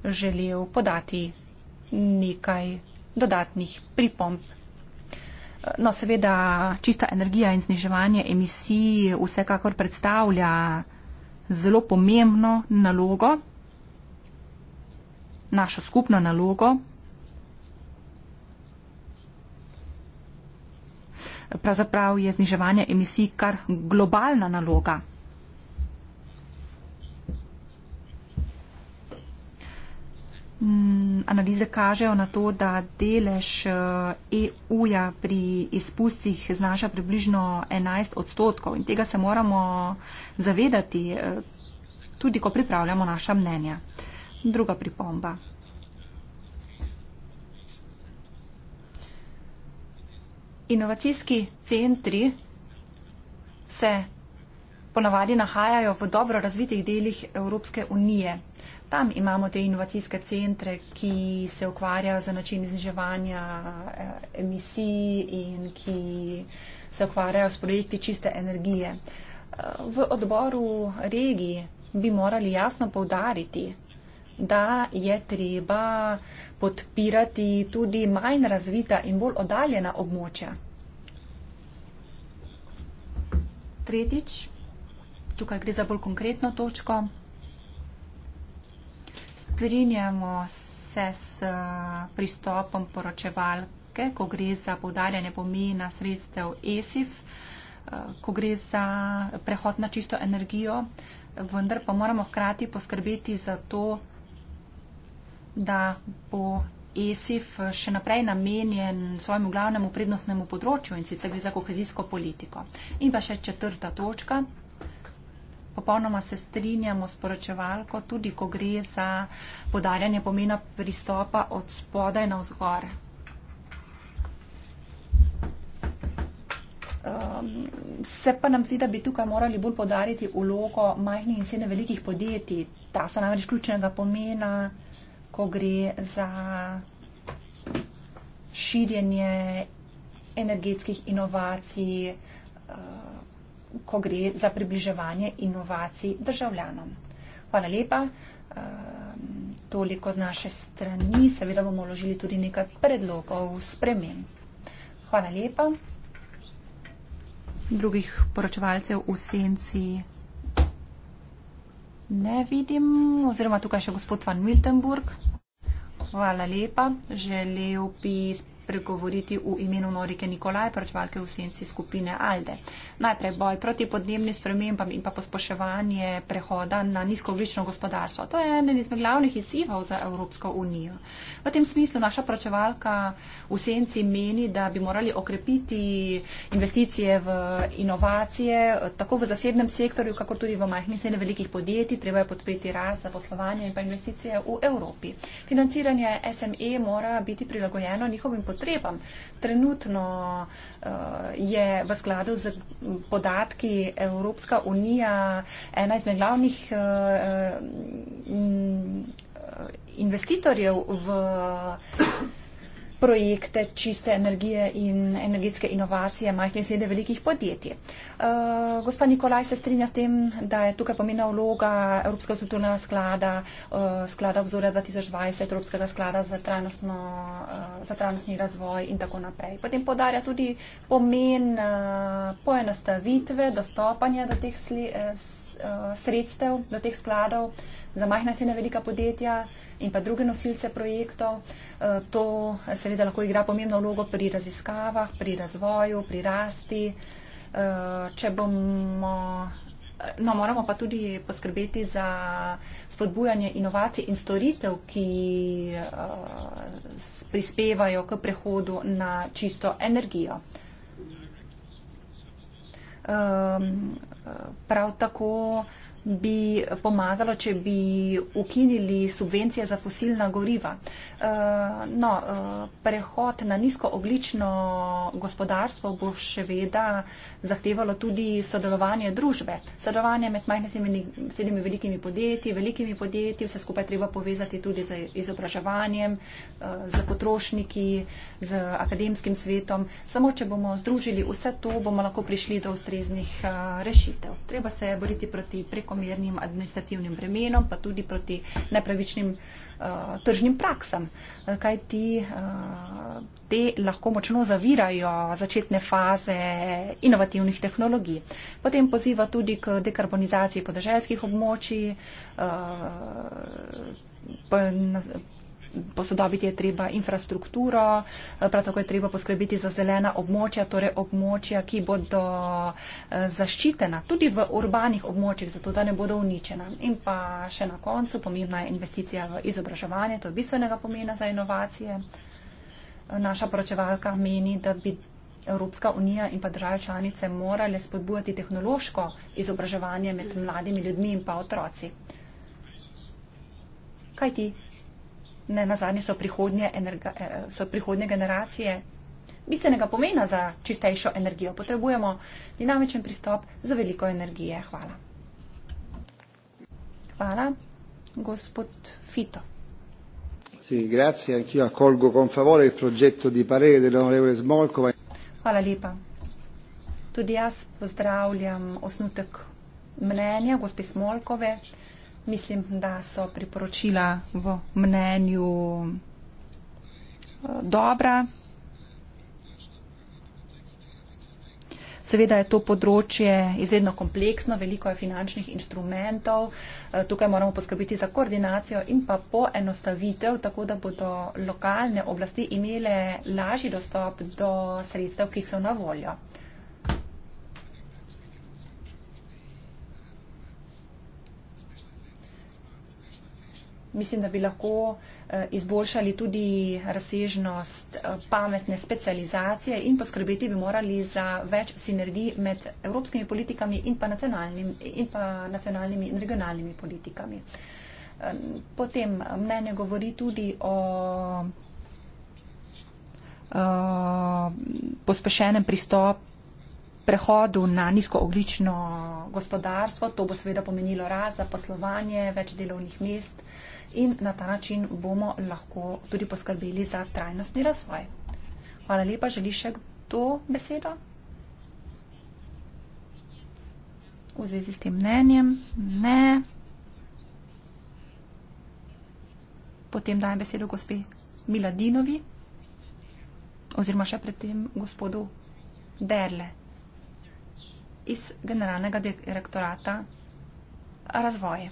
želel podati nekaj dodatnih pripomp. No, seveda, čista energija in zniževanje emisij vsekakor predstavlja zelo pomembno nalogo, našo skupno nalogo pravzaprav je zniževanje emisij kar globalna naloga. Mm, analize kažejo na to, da delež EU-ja eh, e pri izpustih znaša približno 11 odstotkov in tega se moramo zavedati, eh, tudi ko pripravljamo naša mnenja. Druga pripomba. Inovacijski centri se ponavadi nahajajo v dobro razvitih delih Evropske unije. Tam imamo te inovacijske centre, ki se ukvarjajo z načinom zniževanja eh, emisij in ki se ukvarjajo s projekti čiste energije. Eh, v odboru regiji bi morali jasno povdariti, da je treba podpirati tudi manj razvita in bolj oddaljena območja. Tretjič, tukaj gre za bolj konkretno točko. Strinjamo se s eh, pristopom poročevalke, ko gre za povdarjanje pomena sredstev ESIF, eh, ko gre za prehod na čisto energijo, vendar pa moramo hkrati poskrbeti za to, da bo ESIF še naprej namenjen svojemu glavnemu prednostnemu področju in sicer gre za kohezijsko politiko. In pa še četrta točka. Popolnoma se strinjamo s poročevalko, tudi ko gre za podarjanje pomena pristopa od spodaj na vzgor. Ehm, se pa nam zdi, da bi tukaj morali bolj podariti vlogo majhnih in srednje velikih podjetij. Ta so namreč ključnega pomena ko gre za širjenje energetskih inovacij, eh, ko gre za približevanje inovacij državljanom. Hvala lepa. Eh, toliko z naše strani. Seveda bomo vložili tudi nekaj predlogov spremem. Hvala lepa. Drugih poročevalcev v senci Ne vidim, oziroma tukaj še gospod Van Miltenburg. Hvala lepa. Želel bi spremljati pregovoriti v imenu Norike Nikolaj, pročvalke v senci skupine Alde. Najprej boj proti podnebnim spremembam in pa pospoševanje prehoda na nizkoglično gospodarstvo. To je eden izmed glavnih izzivov za Evropsko unijo. V tem smislu naša pročvalka v senci meni, da bi morali okrepiti investicije v inovacije, tako v zasebnem sektorju, kakor tudi v majhnih in velikih podjetij. Treba je podpreti rast za poslovanje in pa investicije v Evropi. Financiranje SME mora biti prilagojeno njihovim podjetjem potrebam. Trenutno uh, je v skladu z podatki Evropska unija ena izmed glavnih uh, investitorjev v projekte čiste energije in energetske inovacije majhne sede velikih podjetij. Eh, gospa Nikolaj se strinja s tem, da je tukaj pomena vloga Evropskega strukturnega sklada, eh, sklada obzorja 2020, Evropskega sklada za, eh, za trajnostni razvoj in tako naprej. Potem podarja tudi pomen poenostavitve, dostopanja do teh sredstev Eh, sredstev do teh skladov za majhna in velika podjetja in pa druge nosilce projektov. Eh, to seveda lahko igra pomembno vlogo pri raziskavah, pri razvoju, pri rasti. Eh, če bomo. No, moramo pa tudi poskrbeti za spodbujanje inovacij in storitev, ki uh, prispevajo k prehodu na čisto energijo. Um, Prav tako bi pomagalo, če bi ukinili subvencije za fosilna goriva. Uh, no, uh, prehod na nizkooglično gospodarstvo bo še veda zahtevalo tudi sodelovanje družbe. Sodelovanje med majhnimi in srednjimi velikimi podjetji, velikimi podjetji, vse skupaj treba povezati tudi z izobraževanjem, uh, z potrošniki, z akademskim svetom. Samo, če bomo združili vse to, bomo lahko prišli do ustreznih uh, rešitev. Treba se boriti proti prekomernim administrativnim bremenom, pa tudi proti nepravičnim. Uh, Eh, tržnim praksam, eh, kaj ti eh, te lahko močno zavirajo začetne faze inovativnih tehnologij. Potem poziva tudi k dekarbonizaciji podeželskih območij, posodobiti je treba infrastrukturo, eh, prav tako je treba poskrbeti za zelena območja, torej območja, ki bodo eh, zaščitena tudi v urbanih območjih, zato da ne bodo uničena. In pa še na koncu pomembna je investicija v izobraževanje, to je bistvenega pomena za inovacije. Naša poročevalka meni, da bi. Evropska unija in pa države članice morale spodbujati tehnološko izobraževanje med mladimi ljudmi in pa otroci. Kaj ti? ne nazadnje so, eh, so prihodnje generacije, bistvenega pomena za čistejšo energijo. Potrebujemo dinamičen pristop za veliko energije. Hvala. Hvala, gospod Fito. Sì, grazie, anch'io accolgo con favore il progetto di parere dell'onorevole Smolkova. Hvala lepa. Tudi jaz pozdravljam osnutek mnenja gospe Smolkove mislim, da so priporočila v mnenju eh, dobra. Seveda je to področje izredno kompleksno, veliko je finančnih inštrumentov. Eh, tukaj moramo poskrbiti za koordinacijo in pa poenostavitev, tako da bodo lokalne oblasti imele lažji dostop do sredstev, ki so na voljo. mislim, da bi lahko eh, izboljšali tudi razsežnost eh, pametne specializacije in poskrbeti bi morali za več sinergij med evropskimi politikami in pa nacionalnimi in, pa nacionalnimi in regionalnimi politikami. Potem eh, mnenje govori tudi o pospešenem pristop prehodu na nizkooglično gospodarstvo. To bo seveda pomenilo raz za poslovanje, več delovnih mest. Uh, in na ta način bomo lahko tudi poskrbeli za trajnostni razvoj. Hvala lepa, želi še kdo besedo? V zvezi s tem mnenjem? Ne. Potem dajem besedo gospe Miladinovi oziroma še pred tem gospodu Derle iz Generalnega direktorata razvoja.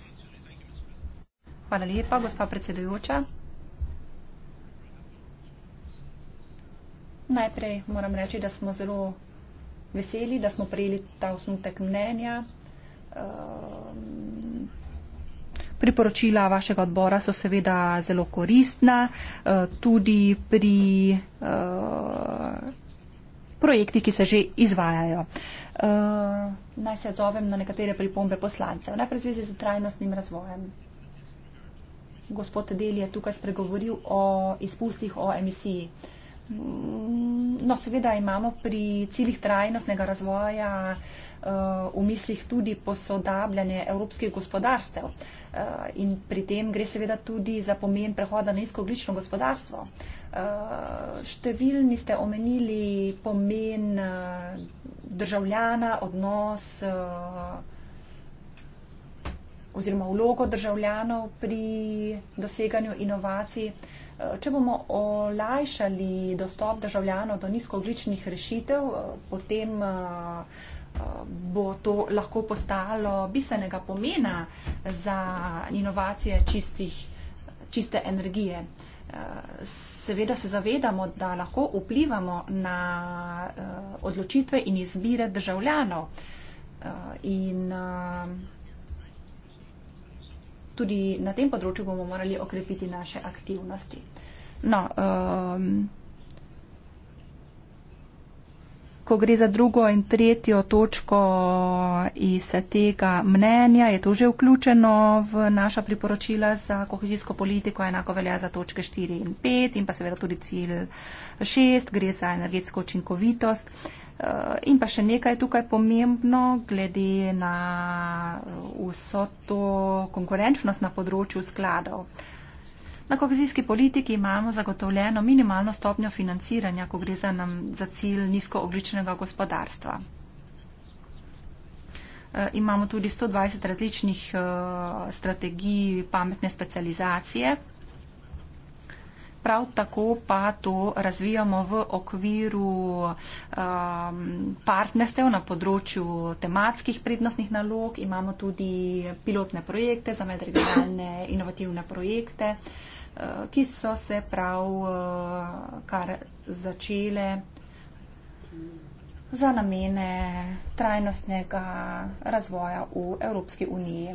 Hvala lepa, gospa predsedujoča. Najprej moram reči, da smo zelo veseli, da smo prejeli ta osnutek mnenja. Ehm, priporočila vašega odbora so seveda zelo koristna, eh, tudi pri eh, projekti, ki se že izvajajo. Eh, naj se odzovem na nekatere pripombe poslancev. Najprej v zvezi z trajnostnim razvojem gospod Del je tukaj spregovoril o izpustih, o emisiji. Mm, no, seveda imamo pri ciljih trajnostnega razvoja eh, v mislih tudi posodabljanje evropskih gospodarstev. Eh, in pri tem gre seveda tudi za pomen prehoda na nizkoglično gospodarstvo. Eh, številni ste omenili pomen državljana, odnos oziroma vlogo državljanov pri doseganju inovacij. Eh, če bomo olajšali dostop državljanov do nizkoogličnih rešitev, eh, potem eh, bo to lahko postalo bistvenega pomena za inovacije čistih, čiste energije. Seveda se zavedamo, da lahko vplivamo na odločitve in izbire državljanov. In tudi na tem področju bomo morali okrepiti naše aktivnosti. No, um, ko gre za drugo in tretjo točko iz tega mnenja, je to že vključeno v naša priporočila za kohezijsko politiko, enako velja za točke 4 in 5 in pa seveda tudi cilj 6, gre za energetsko učinkovitost. Uh, Eh, in pa še nekaj je tukaj pomembno, glede na eh, vso to konkurenčnost na področju skladov. Na kohezijski politiki imamo zagotovljeno minimalno stopnjo financiranja, ko gre za, nam, za cilj nizkoogličnega gospodarstva. Eh, imamo tudi 120 različnih strategij pametne specializacije prav tako pa to razvijamo v okviru um, partnerstev na področju tematskih prednostnih nalog. Imamo tudi pilotne projekte za medregionalne inovativne projekte, uh, ki so se prav uh, kar začele za namene trajnostnega razvoja v Evropski uniji.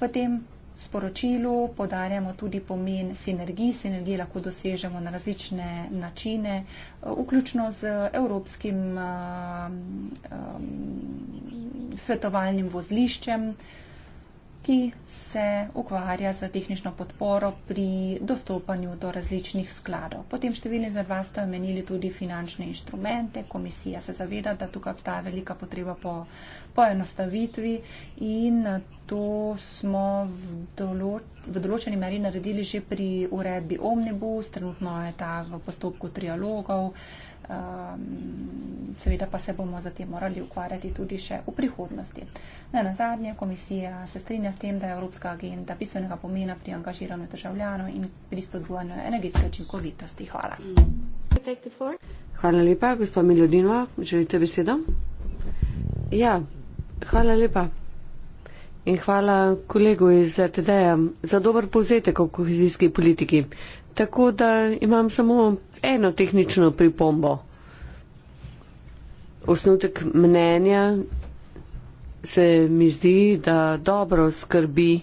V tem sporočilu podarjamo tudi pomen sinergij. Sinergije lahko dosežemo na različne načine, vključno z evropskim um, svetovalnim vozliščem, uh, ki se ukvarja z tehnično podporo pri dostopanju do različnih skladov. Potem številni izmed vas ste omenili tudi finančne inštrumente. Komisija se zaveda, da tukaj obstaja velika potreba po poenostavitvi in to smo v, določ v določeni meri naredili že pri uredbi Omnibus, trenutno je ta v postopku trialogov. Um, seveda pa se bomo zatem morali ukvarjati tudi še v prihodnosti. Ne na zadnje, komisija se strinja s tem, da je Evropska agenda bistvenega pomena pri angažiranju državljanov in pri spodbujanju energetske učinkovitosti. Hvala. Hvala lepa, gospa Miljodinova. Želite besedo? Ja, hvala lepa. In hvala kolegu iz RTD-ja za dober povzetek o kohezijski politiki. Tako da imam samo eno tehnično pripombo. Osnutek mnenja se mi zdi, da dobro skrbi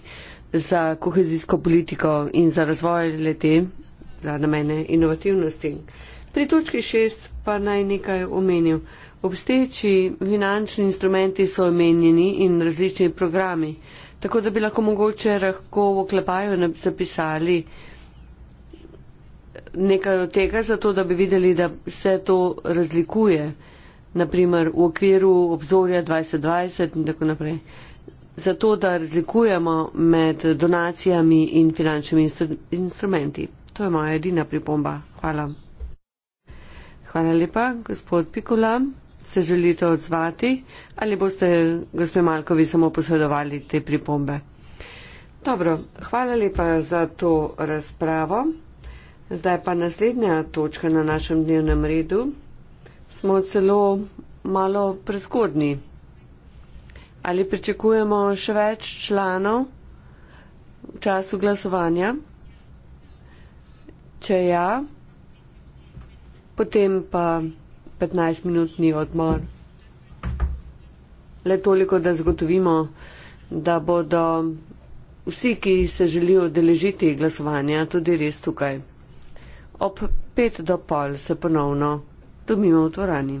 za kohezijsko politiko in za razvoj lete, za namene inovativnosti. Pri točki šest pa naj nekaj omenil. Obsteči finančni instrumenti so omenjeni in različni programi, tako da bi lahko mogoče lahko v oklepaju zapisali, nekaj od tega, zato da bi videli, da se to razlikuje, naprimer v okviru obzorja 2020 in tako naprej. Zato, da razlikujemo med donacijami in finančnimi instru instrumenti. To je moja edina pripomba. Hvala. Hvala lepa, gospod Pikula. Se želite odzvati ali boste gospe Malkovi samo posredovali te pripombe? Dobro, hvala lepa za to razpravo. Zdaj pa naslednja točka na našem dnevnem redu. Smo celo malo preskodni. Ali pričakujemo še več članov v času glasovanja? Če ja, potem pa 15-minutni odmor. Le toliko, da zagotovimo, da bodo vsi, ki se želijo deležiti glasovanja, tudi res tukaj ob pet do pol se ponovno dobimo v dvorani.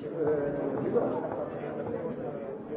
Yeah. Ja.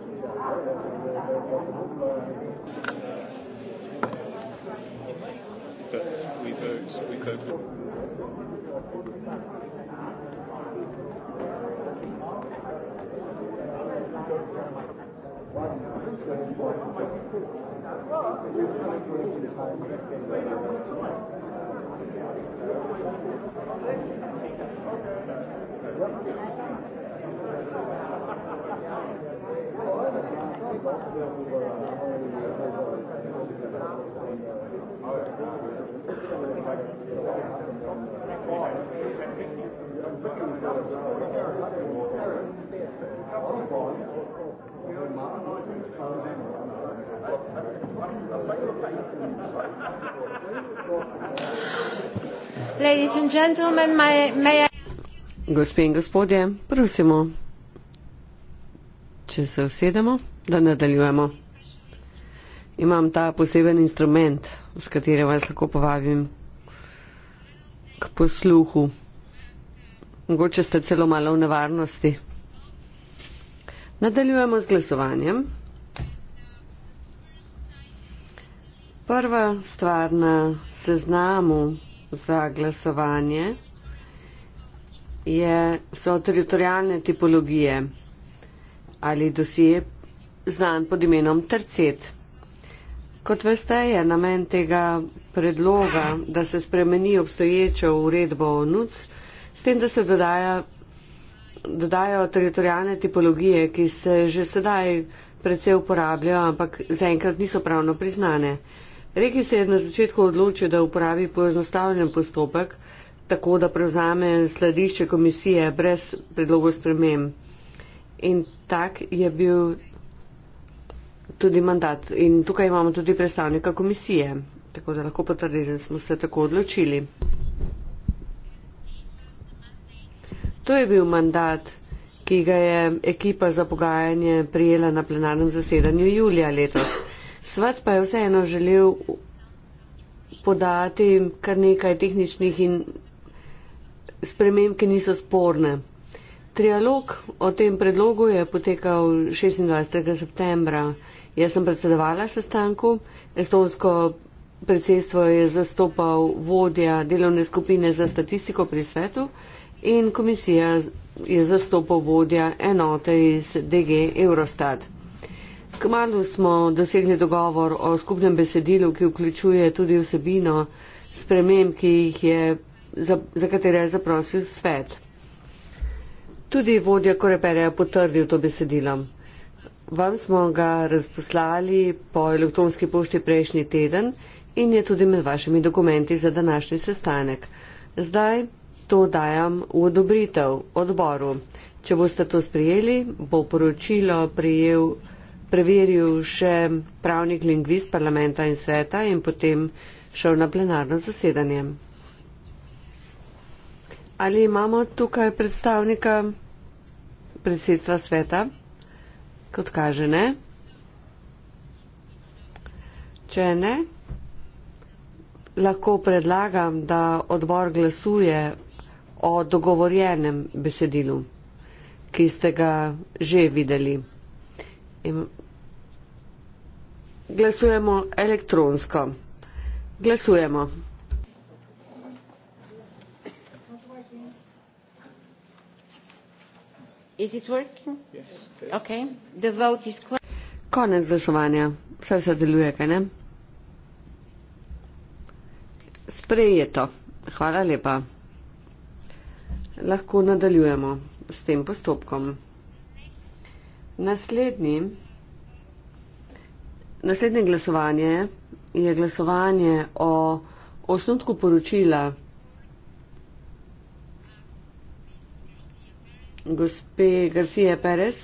But we vote, we vote. Thank you. Ladies and gentlemen, my, may I... Gospe in gospodje, prosimo, če se usedemo da nadaljujemo. Imam ta poseben instrument, s katerim vas lahko povabim k posluhu. Mogoče ste celo malo v nevarnosti. Nadaljujemo z glasovanjem. Prva stvar na seznamu za glasovanje je, so teritorijalne tipologije ali dosije znan pod imenom Trcet. Kot veste, je namen tega predloga, da se spremeni obstoječo uredbo o NUC, s tem, da se dodaja, dodajo teritorijalne tipologije, ki se že sedaj predvsej uporabljajo, ampak zaenkrat niso pravno priznane. Regi se je na začetku odločil, da uporabi poenostavljen postopek, tako da prevzame sladišče komisije brez predlogov spremem. In tak je bil tudi mandat. In tukaj imamo tudi predstavnika komisije, tako da lahko potrdi, da smo se tako odločili. To je bil mandat, ki ga je ekipa za pogajanje prijela na plenarnem zasedanju julija letos. Svet pa je vseeno želel podati kar nekaj tehničnih in sprememb, ki niso sporne. Trialog o tem predlogu je potekal 26. septembra. Jaz sem predsedovala sestanku. Estonsko predsedstvo je zastopal vodja delovne skupine za statistiko pri svetu in komisija je zastopal vodja enote iz DG Eurostat. Kmalo smo dosegli dogovor o skupnem besedilu, ki vključuje tudi vsebino sprememb, za, za katere je zaprosil svet. Tudi vodja Koreperja je potrdil to besedilo. Vam smo ga razposlali po elektronski pošti prejšnji teden in je tudi med vašimi dokumenti za današnji sestanek. Zdaj to dajam v odobritev odboru. Če boste to sprijeli, bo poročilo prijel, preveril še pravnik lingvist parlamenta in sveta in potem šel na plenarno zasedanje. Ali imamo tukaj predstavnika predsedstva sveta? kot kaže ne. Če ne, lahko predlagam, da odbor glasuje o dogovorjenem besedilu, ki ste ga že videli. In glasujemo elektronsko. Glasujemo. Is it working? Yes. Konec glasovanja. Vse vse deluje, kaj ne? Sprejeto. Hvala lepa. Lahko nadaljujemo s tem postopkom. Naslednji, naslednje glasovanje je glasovanje o osnutku poročila gospe Garcije Perez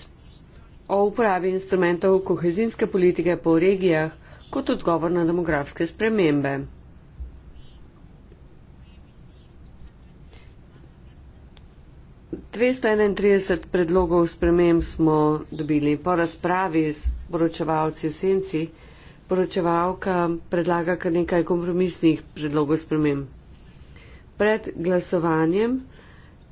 o uporabi instrumentov kohezijske politike po regijah kot odgovor na demografske spremembe. Dvesto enaintrideset predlogov sprememb smo dobili po razpravi s poročevalci v senci. Poročevalka predlaga kar nekaj kompromisnih predlogov sprememb. Pred glasovanjem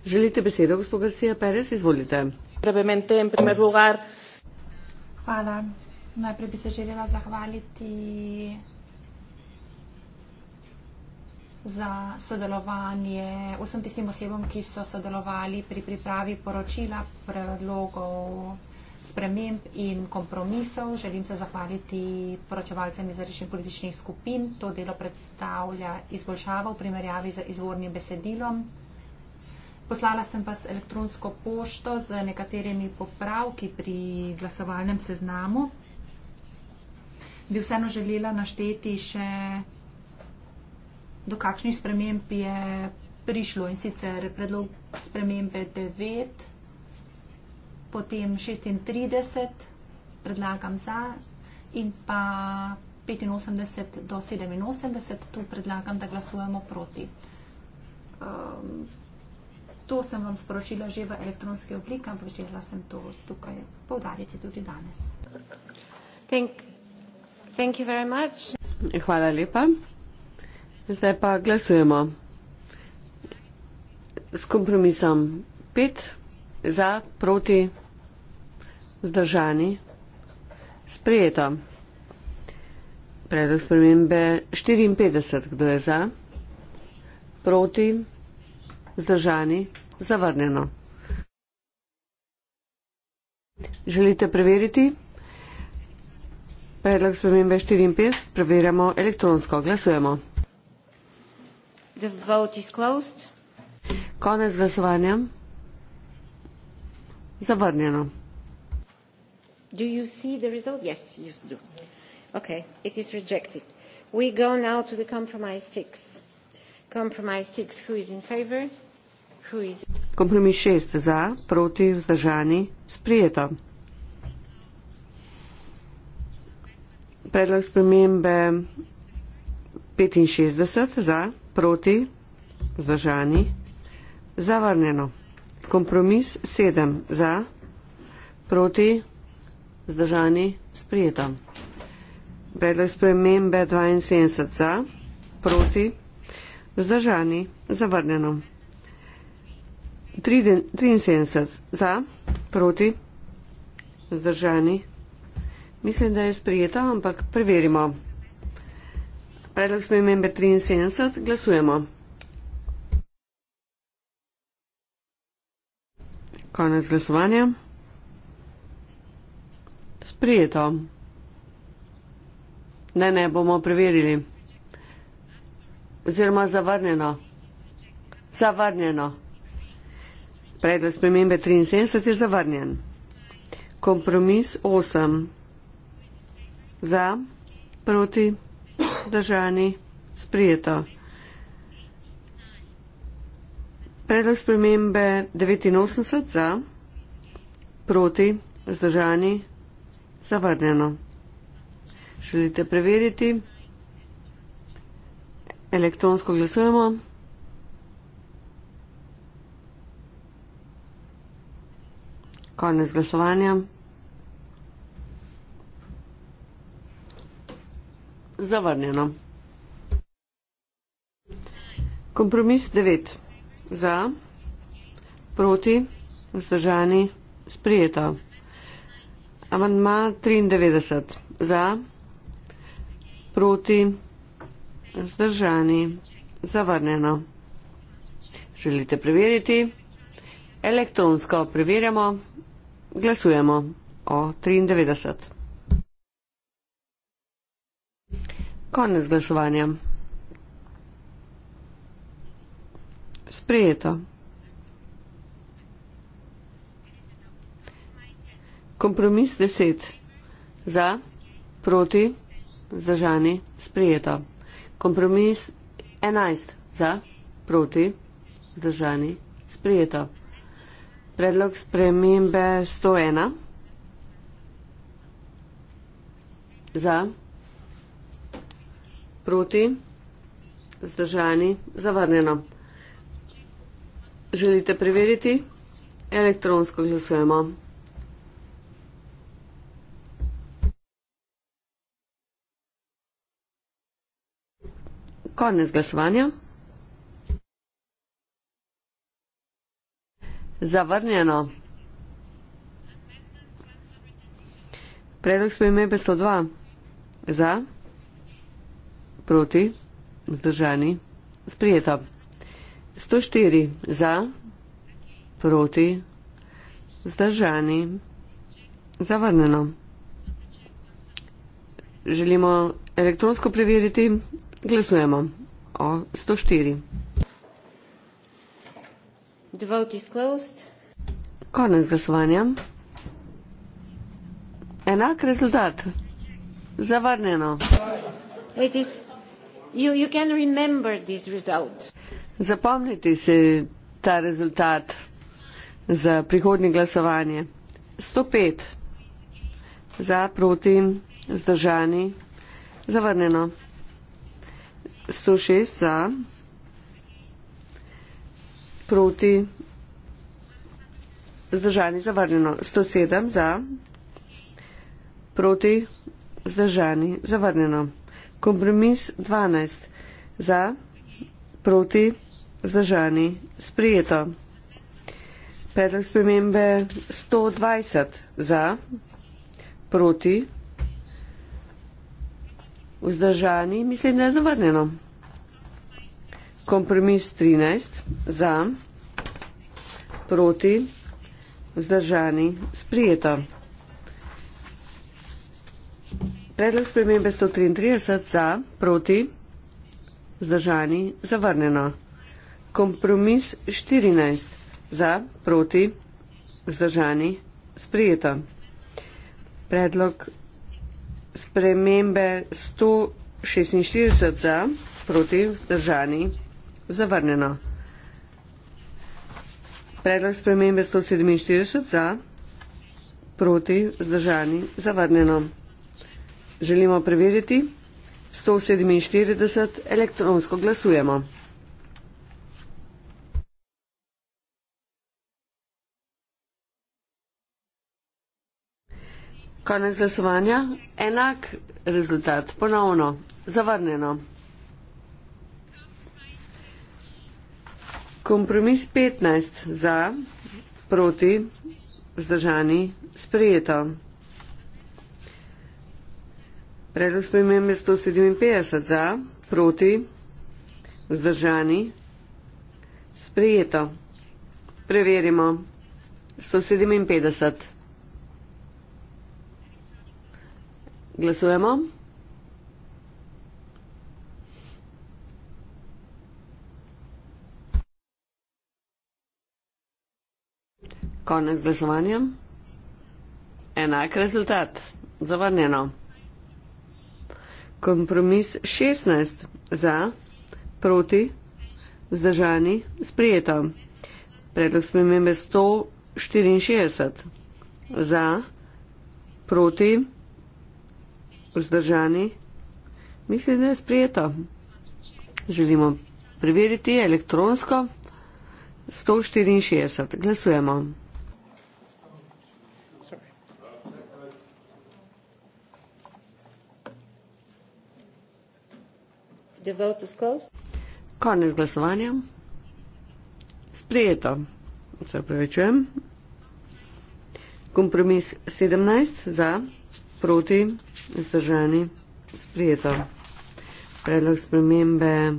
želite besedo, gospod Garcia Perez, izvolite. Brevemente, in primer lugar, Hvala. Najprej bi se želela zahvaliti za sodelovanje vsem tistim osebom, ki so sodelovali pri pripravi poročila, predlogov, sprememb in kompromisov. Želim se zahvaliti poročevalcem iz različnih političnih skupin. To delo predstavlja izboljšavo v primerjavi z izvornim besedilom. Poslala sem pa elektronsko pošto z nekaterimi popravki pri glasovalnem seznamu. Bi vseeno želela našteti še, do kakšnih sprememb je prišlo in sicer predlog spremembe 9, potem 36, predlagam za in pa 85 do 87, tu predlagam, da glasujemo proti. Um, To sem vam sporočila že v elektronski obliki, ampak želela sem to tukaj povdariti tudi danes. Thank, thank Hvala lepa. Zdaj pa glasujemo. S kompromisom 5 za, proti, zdržani. Sprejeto. Predlog spremembe 54, kdo je za, proti. Zdržani? Zavrnjeno. Želite preveriti? Predlog spremembe 54 preverjamo elektronsko. Glasujemo. The vote is closed. Konec glasovanja. Zavrnjeno. Do you see the result? Yes, you do. Okay, it is rejected. We go now to the compromise 6. Kompromis šest za, proti, vzdržani, sprijeto. Predlog spremembe 65 za, proti, vzdržani, zavrnjeno. Kompromis 7 za, proti, vzdržani, sprijeto. Predlog spremembe 72 za, proti, vzdržani, sprijeto. Vzdržani, zavrnjeno. 73 za, proti, vzdržani. Mislim, da je sprijeta, ampak preverimo. Predlog smo imembe 73, glasujemo. Konec glasovanja. Sprijeto. Ne, ne, bomo preverili oziroma zavrnjeno. Zavrnjeno. Predlog spremembe 73 je zavrnjen. Kompromis 8. Za, proti, držani, sprijeto. Predlog spremembe 89 za, proti, zdržani, zavrnjeno. Želite preveriti? elektronsko glasujemo. Konec glasovanja. Zavrnjeno. Kompromis 9. Za, proti, vzdržani, sprijeto. Amandma 93. Za, proti, vzdržani. Zdržani. Zavrnjeno. Želite preveriti? Elektronsko preverjamo. Glasujemo o 93. Konec glasovanja. Sprejeto. Kompromis 10. Za, proti, zdržani, sprejeto. Kompromis 11 za, proti, vzdržani, sprijeto. Predlog spremembe 101 za, proti, vzdržani, zavrnjeno. Želite preveriti? Elektronsko glasujemo. Konec glasovanja. Zavrnjeno. Predlog smo imeli 102. Za, proti, zdržani, sprijeto. 104. Za, proti, zdržani, zavrnjeno. Želimo elektronsko preveriti Glasujemo. O 104. The vote is closed. Konec glasovanja. Enak rezultat. Zavrnjeno. It is, you, you can remember this result. Zapomnite si ta rezultat za prihodnje glasovanje. 105 za proti, zdržani, zavrnjeno. 106 za, proti, zdržani zavrnjeno, 107 za, proti, zdržani zavrnjeno. Kompromis 12 za, proti, zdržani sprijeto. Predlog spremembe 120 za, proti, zdržani zavrnjeno vzdržani, mislim, da je zavrnjeno. Kompromis 13 za, proti, vzdržani, sprijeto. Predlog spremembe 133 za, proti, vzdržani, zavrnjeno. Kompromis 14 za, proti, vzdržani, sprijeto. Predlog spremembe 146 za proti vzdržani zavrnjeno. Predlog spremembe 147 za proti vzdržani zavrnjeno. Želimo preveriti 147 elektronsko glasujemo. Konec glasovanja. Enak rezultat. Ponovno. Zavrnjeno. Kompromis 15 za, proti, vzdržani, sprejeto. Predlog spremembe 157 za, proti, vzdržani, sprejeto. Preverimo. 157. Glasujemo. Konec glasovanja. Enak rezultat. Zavrnjeno. Kompromis 16. Za, proti, vzdržani, sprijeto. Predlog smo imeme 164. Za, proti, vzdržani, sprijeto vzdržani. Mislim, da je sprijeto. Želimo preveriti elektronsko 164. Glasujemo. Konec glasovanja. Sprijeto. Se pravičujem. Kompromis 17 za proti, izdržani, sprijeto. Predlog spremembe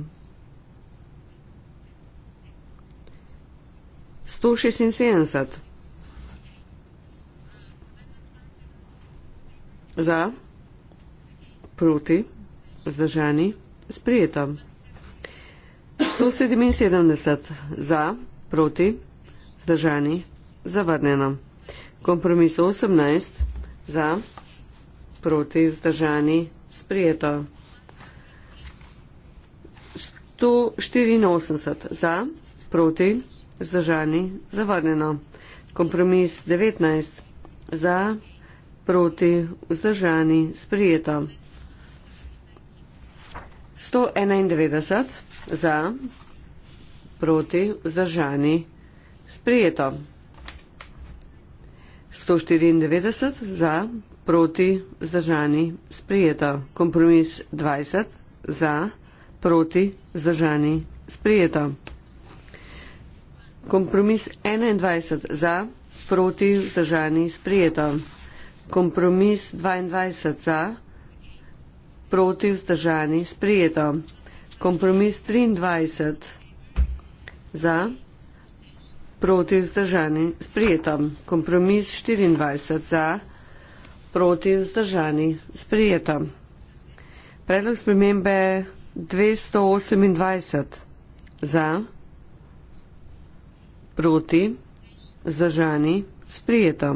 176. Za, proti, vzdržani, sprijeto. 177. Za, proti, vzdržani, zavrnjeno. Kompromis 18. Za, proti proti vzdržani sprijeto. 184 za, proti vzdržani zavrnjeno. Kompromis 19 za, proti vzdržani sprijeto. 191 za, proti vzdržani sprijeto. 194 za, proti, vzdržani, sprijeta. Kompromis 20, za, proti, vzdržani, sprijeta. Kompromis 21, za, proti, vzdržani, sprijeta. Kompromis 22, za, proti, vzdržani, sprijeta. Kompromis 23, za, proti, vzdržani, sprijeta. Kompromis 24, za, proti, vzdržani, sprijeta proti vzdržani. Sprijeto. Predlog spremembe 228 za, proti, vzdržani, sprijeto.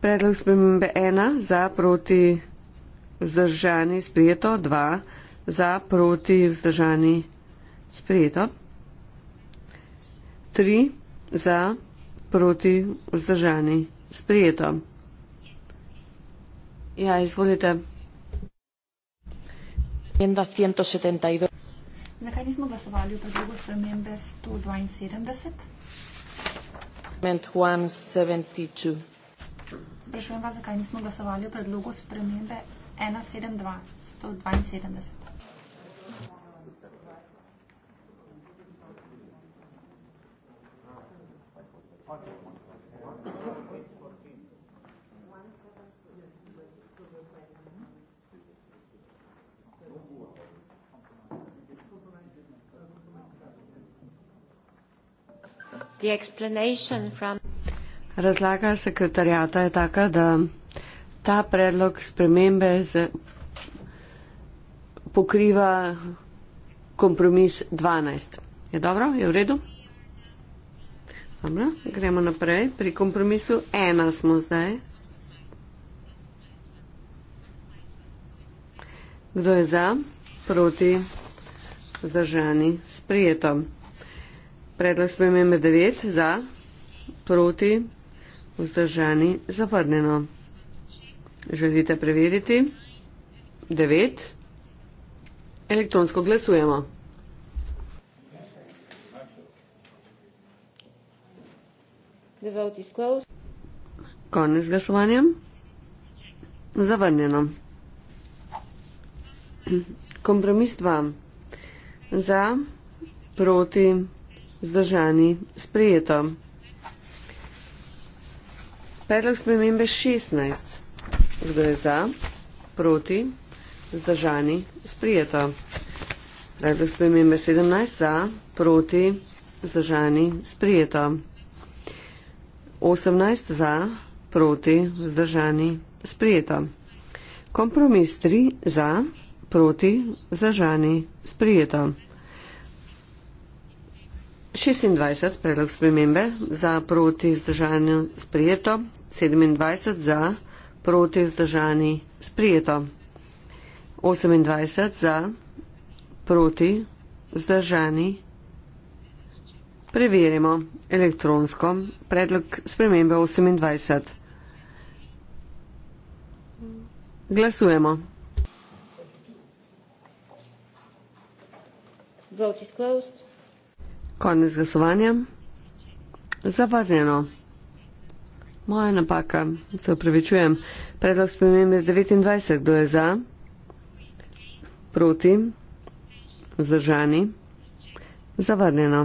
Predlog spremembe 1 za, proti, vzdržani, sprijeto, 2 za, proti, vzdržani, sprijeto, 3 za, proti, vzdržani, sprijeto proti vzdržani. Sprijeto. Ja, izvolite. Zakaj nismo glasovali v predlogu spremembe 172? Amendment 172. Sprašujem vas, zakaj nismo glasovali v predlogu spremembe 172. 172. Razlaga sekretarjata je taka, da ta predlog spremembe z, pokriva kompromis 12. Je dobro? Je v redu? Dobro, gremo naprej. Pri kompromisu 1 smo zdaj. Kdo je za? Proti. Zdržani. Sprijeto. Predlog spremembe 9 za, proti, vzdržani, zavrnjeno. Želite preveriti? 9. Elektronsko glasujemo. Konec glasovanja. Zavrnjeno. Kompromis 2. Za, proti, vzdržani. Zdržani. Sprejeto. Predlog spremembe 16. Kdo je za? Proti. Zdržani. Sprejeto. Predlog spremembe 17. Za. Proti. Zdržani. Sprejeto. 18. Za. Proti. Zdržani. Sprejeto. Kompromis 3. Za. Proti. Zdržani. Sprejeto. 26 predlog spremembe za proti vzdržanju sprijeto, 27 za proti vzdržanju sprijeto, 28 za proti vzdržanju. Preverimo elektronsko predlog spremembe 28. Glasujemo. Vote is closed. Konec glasovanja. Zavrnjeno. Moja napaka, se upravičujem. Predlog spremembe 29. Kdo je za? Proti? Zdržani? Zavrnjeno.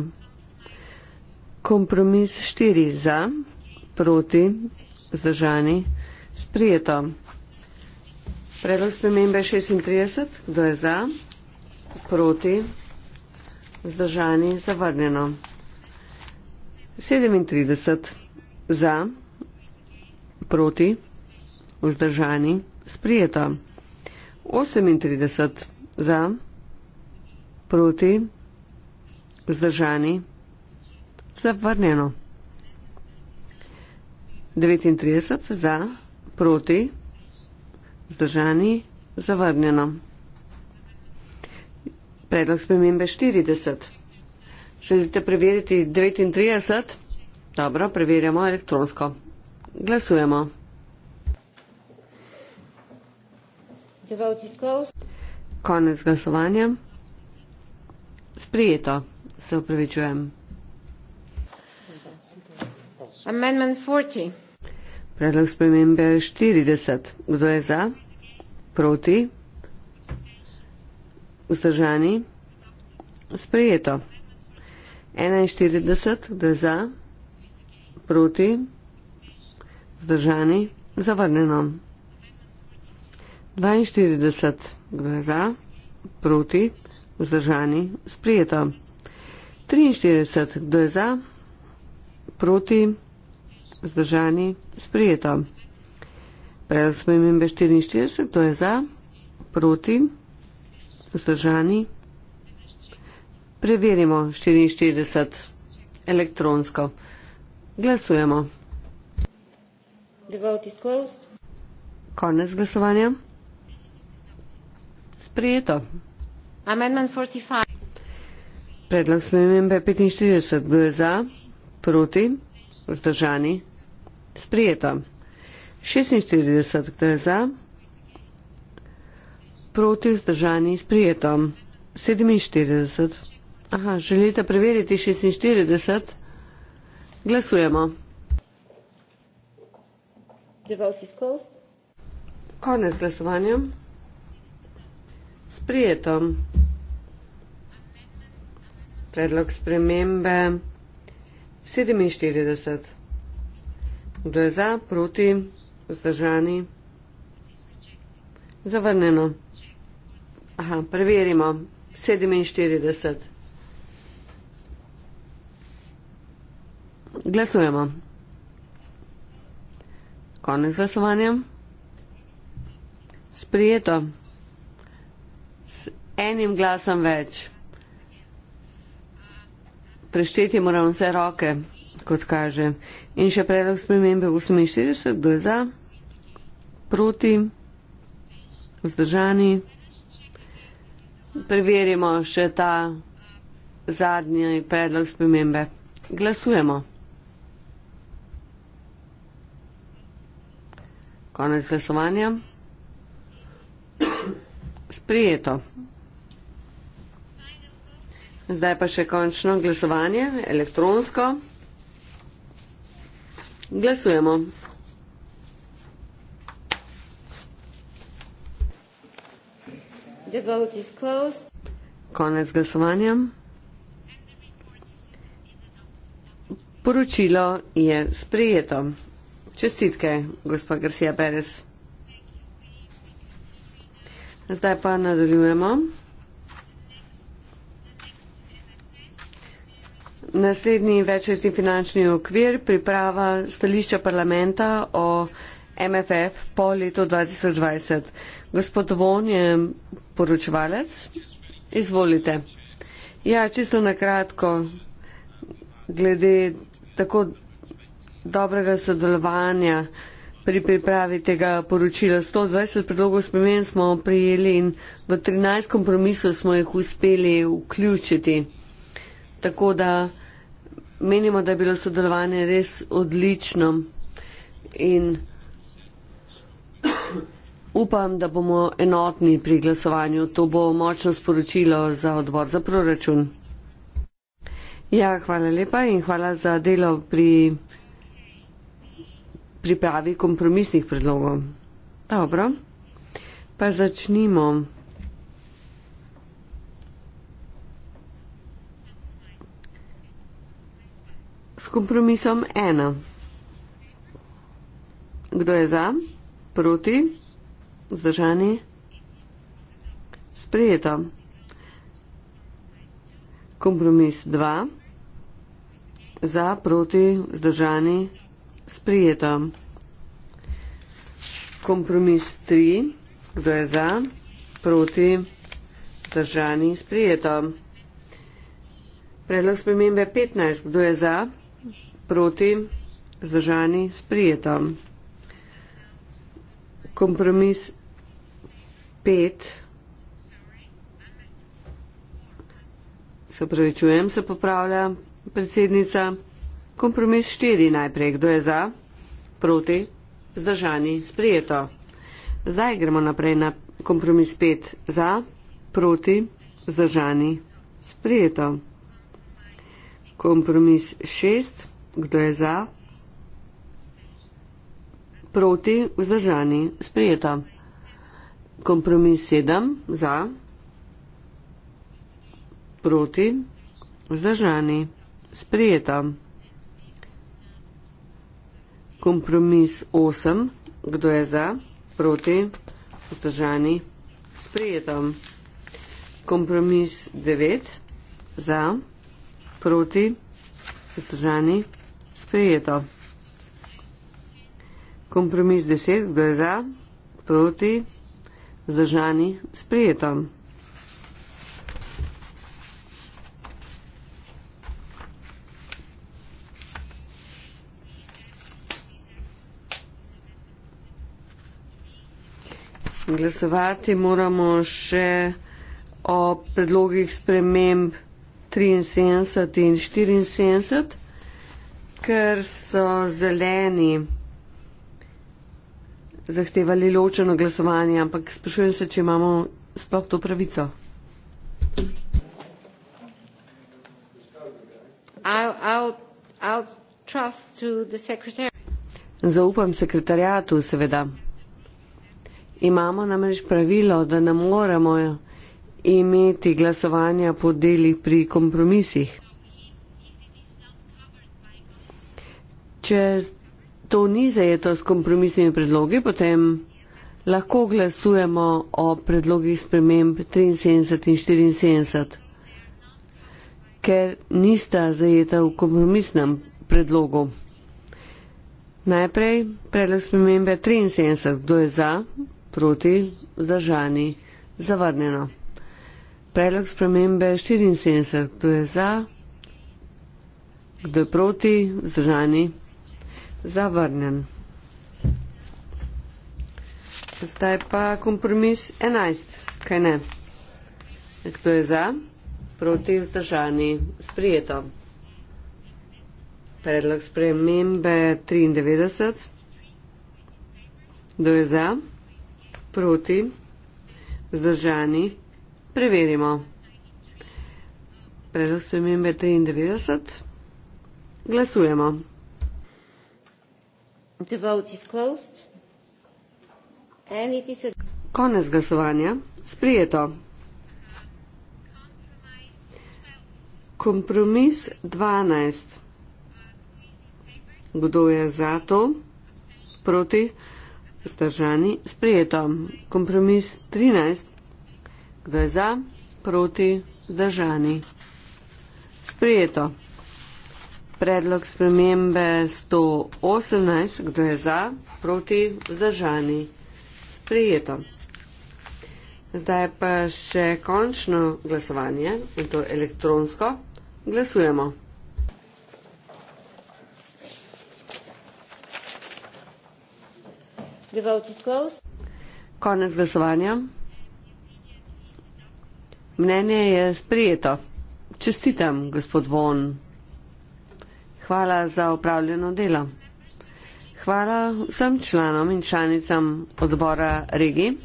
Kompromis 4. Za? Proti? Zdržani? Sprijeto. Predlog spremembe 36. Kdo je za? Proti? Zdržani, zavrnjeno. 37 za, proti, vzdržani, sprijeta. 38 za, proti, vzdržani, zavrnjeno. 39 za, proti, vzdržani, zavrnjeno. Predlog spremembe 40. Želite preveriti 39? Dobro, preverjamo elektronsko. Glasujemo. Konec glasovanja. Sprijeto. Se upravičujem. Amendment 40. Predlog spremembe 40. Kdo je za? Proti? vzdržani. Sprejeto. 41, kdo je za, proti, vzdržani, zavrnjeno. 42, kdo je za, proti, vzdržani, sprejeto. 43, kdo je za, proti, vzdržani, sprejeto. Predlog smo imeli 44, kdo je za, proti, vzdržani vzdržani. Preverimo 44 elektronsko. Glasujemo. Konec glasovanja. Sprijeto. Predlog smembe 45. Kdo je za? Proti? Vzdržani? Sprijeto. 46. Kdo je za? Proti? proti vzdržani sprijetom. 47. Aha, želite preveriti 46? Glasujemo. Konec glasovanja. Sprijetom. Predlog spremembe 47. Kdo je za, proti, vzdržani? Zavrnjeno. Aha, preverimo. 47. Glasujemo. Konec glasovanja. Sprijeto. S enim glasom več. Prešteti moramo vse roke, kot kaže. In še predlog spremembe 48. Kdo je za? Proti? Vzdržani? preverimo še ta zadnji predlog spremembe. Glasujemo. Konec glasovanja. Sprijeto. Zdaj pa še končno glasovanje, elektronsko. Glasujemo. Konec glasovanja. Poročilo je sprejeto. Čestitke, gospa Garcia Perez. Zdaj pa nadaljujemo. Naslednji večletni finančni okvir, priprava stališča parlamenta o MFF po letu 2020. Gospod Von je poročevalec. Izvolite. Ja, čisto na kratko, glede tako dobrega sodelovanja pri pripravi tega poročila. 120 predlogov spremen smo prijeli in v 13 kompromisov smo jih uspeli vključiti. Tako da menimo, da je bilo sodelovanje res odlično in Upam, da bomo enotni pri glasovanju. To bo močno sporočilo za odbor za proračun. Ja, hvala lepa in hvala za delo pri pripravi kompromisnih predlogov. Dobro, pa začnimo. S kompromisom ena. Kdo je za? Proti? Vzdržani. Sprejeto. Kompromis 2. Za, proti, vzdržani. Sprijeto. Kompromis 3. Kdo je za, proti, vzdržani. Sprijeto. Predlog spremembe 15. Kdo je za, proti, vzdržani. Sprijeto kompromis pet. Se pravi, čujem, se popravlja predsednica. Kompromis štiri najprej. Kdo je za? Proti? Zdržani? Sprijeto. Zdaj gremo naprej na kompromis pet. Za? Proti? Zdržani? Sprijeto. Kompromis šest. Kdo je za? proti vzdržani sprejeta. Kompromis sedem za proti vzdržani sprejeta. Kompromis osem kdo je za proti vzdržani sprejeta. Kompromis devet za proti vzdržani sprejeta. Kompromis 10, kdo je za, proti, zdržani, sprijeto. Glasovati moramo še o predlogih sprememb 73 in 74, ker so zeleni zahtevali ločeno glasovanje, ampak sprašujem se, če imamo sploh to pravico. Zaupam sekretarjatu, seveda. Imamo namreč pravilo, da ne moremo imeti glasovanja po delih pri kompromisih. Če to ni zajeto s kompromisnimi predlogi, potem lahko glasujemo o predlogih sprememb 73 in 74, ker nista zajeta v kompromisnem predlogu. Najprej predlog spremembe 73, kdo je za, proti, vzdržani, zavadnjeno. Predlog spremembe 74, kdo je za, kdo je proti, vzdržani, zavadnjeno zavrnjen. Zdaj pa kompromis 11, kaj ne? Kdo je za? Proti vzdržani sprijeto. Predlog spremembe 93. Kdo je za? Proti vzdržani preverimo. Predlog spremembe 93. Glasujemo. The vote is closed. And it is a... Konec glasovanja. Sprijeto. Kompromis 12. Kdo je za to? Proti? Zdržani? Sprijeto. Kompromis 13. Kdo je za? Proti? Zdržani? Sprijeto predlog spremembe 118, kdo je za, proti vzdržani, sprejeto. Zdaj pa še končno glasovanje in to elektronsko. Glasujemo. Konec glasovanja. Mnenje je sprijeto. Čestitam, gospod Von. Hvala za upravljeno delo. Hvala vsem članom in članicam odbora regi.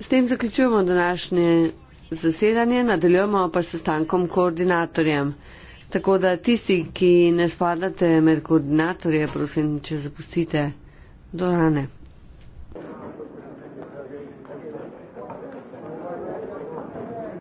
S tem zaključujemo današnje zasedanje, nadaljujemo pa s sestankom koordinatorjem. Tako da tisti, ki ne spadate med koordinatorje, prosim, če zapustite dorane.